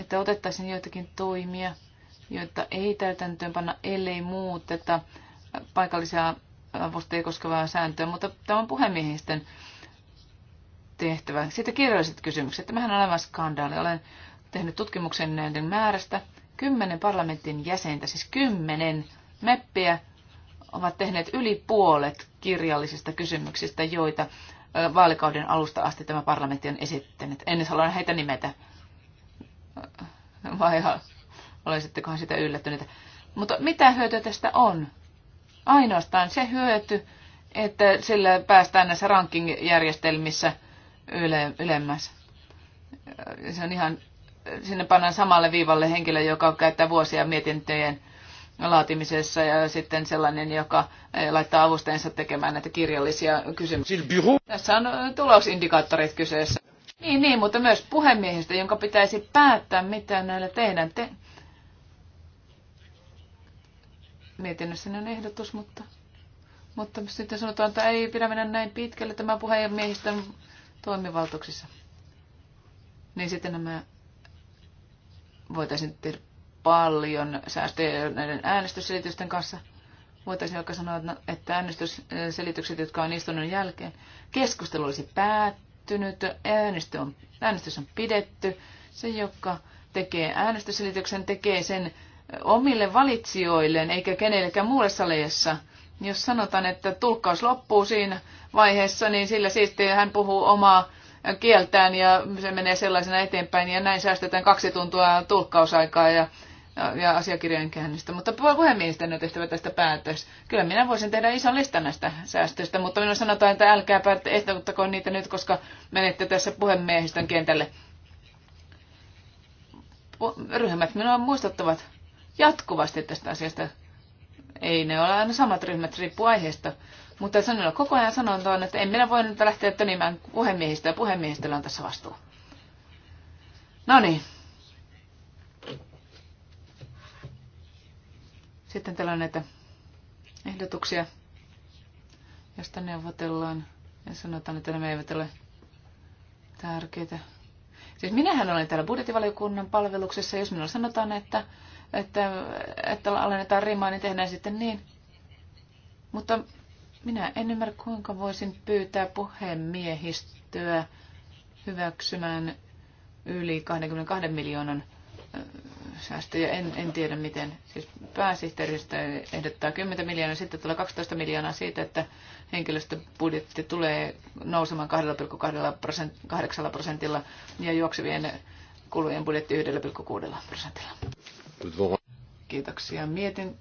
että otettaisiin joitakin toimia, joita ei täytäntöön panna, ellei muuteta paikallisia avustajia koskevaa sääntöä, mutta tämä on puhemiehisten tehtävä. Sitten kirjalliset kysymykset. Tämähän on aivan skandaali. Olen tehnyt tutkimuksen näiden määrästä. Kymmenen parlamentin jäsentä, siis kymmenen meppiä, ovat tehneet yli puolet kirjallisista kysymyksistä, joita vaalikauden alusta asti tämä parlamentti on esittänyt. En edes halua heitä nimetä. Vai olisittekohan sitä yllättyneitä. Mutta mitä hyötyä tästä on? ainoastaan se hyöty, että sillä päästään näissä ranking-järjestelmissä yle, ylemmäs. Se on ihan, sinne pannaan samalle viivalle henkilö, joka käyttää vuosia mietintöjen laatimisessa ja sitten sellainen, joka laittaa avustajansa tekemään näitä kirjallisia kysymyksiä. Tässä on tulosindikaattorit kyseessä. Niin, niin, mutta myös puhemiehistä, jonka pitäisi päättää, mitä näillä tehdään. Te, mietinnössäni on ehdotus, mutta, mutta sitten sanotaan, että ei pidä mennä näin pitkälle tämä puheenmiehistön toimivaltuuksissa. Niin sitten nämä voitaisiin tehdä paljon säästöjä näiden äänestysselitysten kanssa. Voitaisiin vaikka sanoa, että äänestysselitykset, jotka on istunut jälkeen, keskustelu olisi päättynyt, äänestys on, äänestys on pidetty. Se, joka tekee äänestysselityksen, tekee sen omille valitsijoilleen eikä kenellekään muulle saleessa. Jos sanotaan, että tulkkaus loppuu siinä vaiheessa, niin sillä siisti hän puhuu omaa kieltään ja se menee sellaisena eteenpäin ja näin säästetään kaksi tuntua tulkkausaikaa ja, ja asiakirjojen käännöstä. Mutta puhemiehistön on tehtävä tästä päätös. Kyllä minä voisin tehdä ison listan näistä säästöistä, mutta minä sanotaan, että älkää ehdottakoon niitä nyt, koska menette tässä puhemiehistön kentälle. Ryhmät minua muistuttavat jatkuvasti tästä asiasta. Ei ne ole aina samat ryhmät, riippuu aiheesta. Mutta sanoin koko ajan tuon, että en minä voi nyt lähteä tönimään puhemiehistä ja puhemiehistöllä on tässä vastuu. No niin. Sitten täällä on näitä ehdotuksia, josta neuvotellaan ja sanotaan, että nämä eivät ole tärkeitä. Siis minähän olen täällä budjettivaliokunnan palveluksessa, jos minulla sanotaan, että että, että alennetaan rimaa, niin tehdään sitten niin. Mutta minä en ymmärrä, kuinka voisin pyytää puhemiehistöä hyväksymään yli 22 miljoonan säästöjä. En, en tiedä miten. Siis pääsihteeristä ehdottaa 10 miljoonaa, sitten tulee 12 miljoonaa siitä, että henkilöstöbudjetti tulee nousemaan 2,8 prosentilla ja juoksevien kulujen budjetti 1,6 prosentilla. Kiitoksia mietin.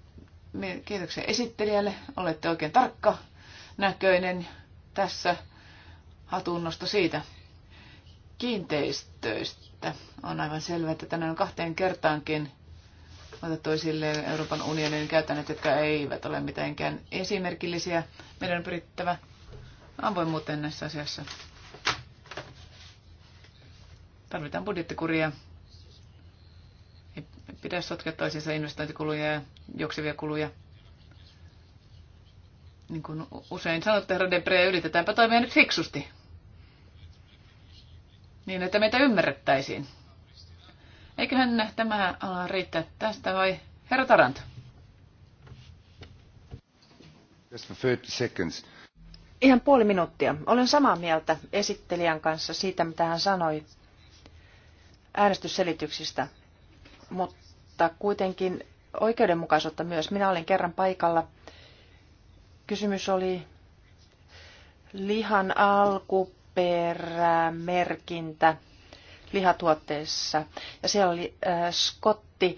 Kiitoksia esittelijälle. Olette oikein tarkka näköinen tässä. Hatunnosto siitä. Kiinteistöistä. On aivan selvää, että tänään on kahteen kertaankin otettu esille Euroopan unionin käytännöt, jotka eivät ole mitenkään esimerkillisiä. Meidän on pyrittävä avoimuuteen näissä asiassa. Tarvitaan budjettikuria pidä sotkea toisiinsa investointikuluja ja juoksevia kuluja. Niin kuin usein sanotte, herra Debre, yritetäänpä toimia nyt fiksusti. Niin, että meitä ymmärrettäisiin. Eiköhän tämä ala riittää tästä vai herra Tarant? Just for 30 seconds. Ihan puoli minuuttia. Olen samaa mieltä esittelijän kanssa siitä, mitä hän sanoi äänestysselityksistä mutta kuitenkin oikeudenmukaisuutta myös. Minä olin kerran paikalla. Kysymys oli lihan alkuperämerkintä lihatuotteissa. Ja siellä oli äh, skotti äh,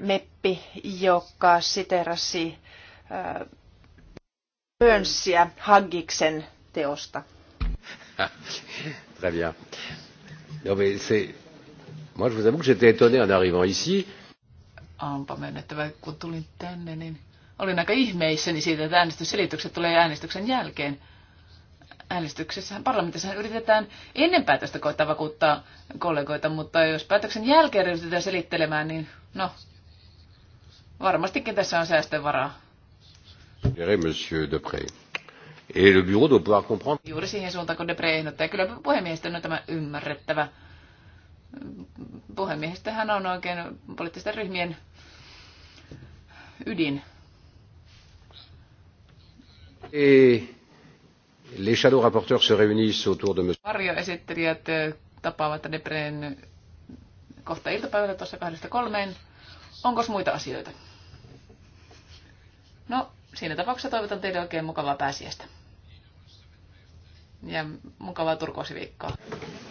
meppi, joka siterasi äh, Pönssiä Haggiksen teosta. Très bien. Non mais Moi, je vous avoue que j'étais étonné en arrivant ici. Onpa myönnettävä, kun tulin tänne, niin olin aika ihmeissäni siitä, että äänestysselitykset tulee äänestyksen jälkeen. Äänestyksessä parlamentissa yritetään ennen päätöstä koittaa vakuuttaa kollegoita, mutta jos päätöksen jälkeen yritetään selittelemään, niin no, varmastikin tässä on säästövaraa. Monsieur Depré. Et le bureau doit pouvoir comprendre. Juuri siihen suuntaan, kun Debre ehdottaa. Kyllä puhemiehistön on tämä ymmärrettävä. Puhemiehistöhän on oikein poliittisten ryhmien ydin. Et les shadow rapporteurs se réunissent autour de monsieur. Varjoesittelijät tapaavat Debreen kohta iltapäivällä tuossa kahdesta kolmeen. Onko muita asioita? No, siinä tapauksessa toivotan teille oikein mukavaa pääsiäistä. Ja mukavaa turkoosiviikkoa.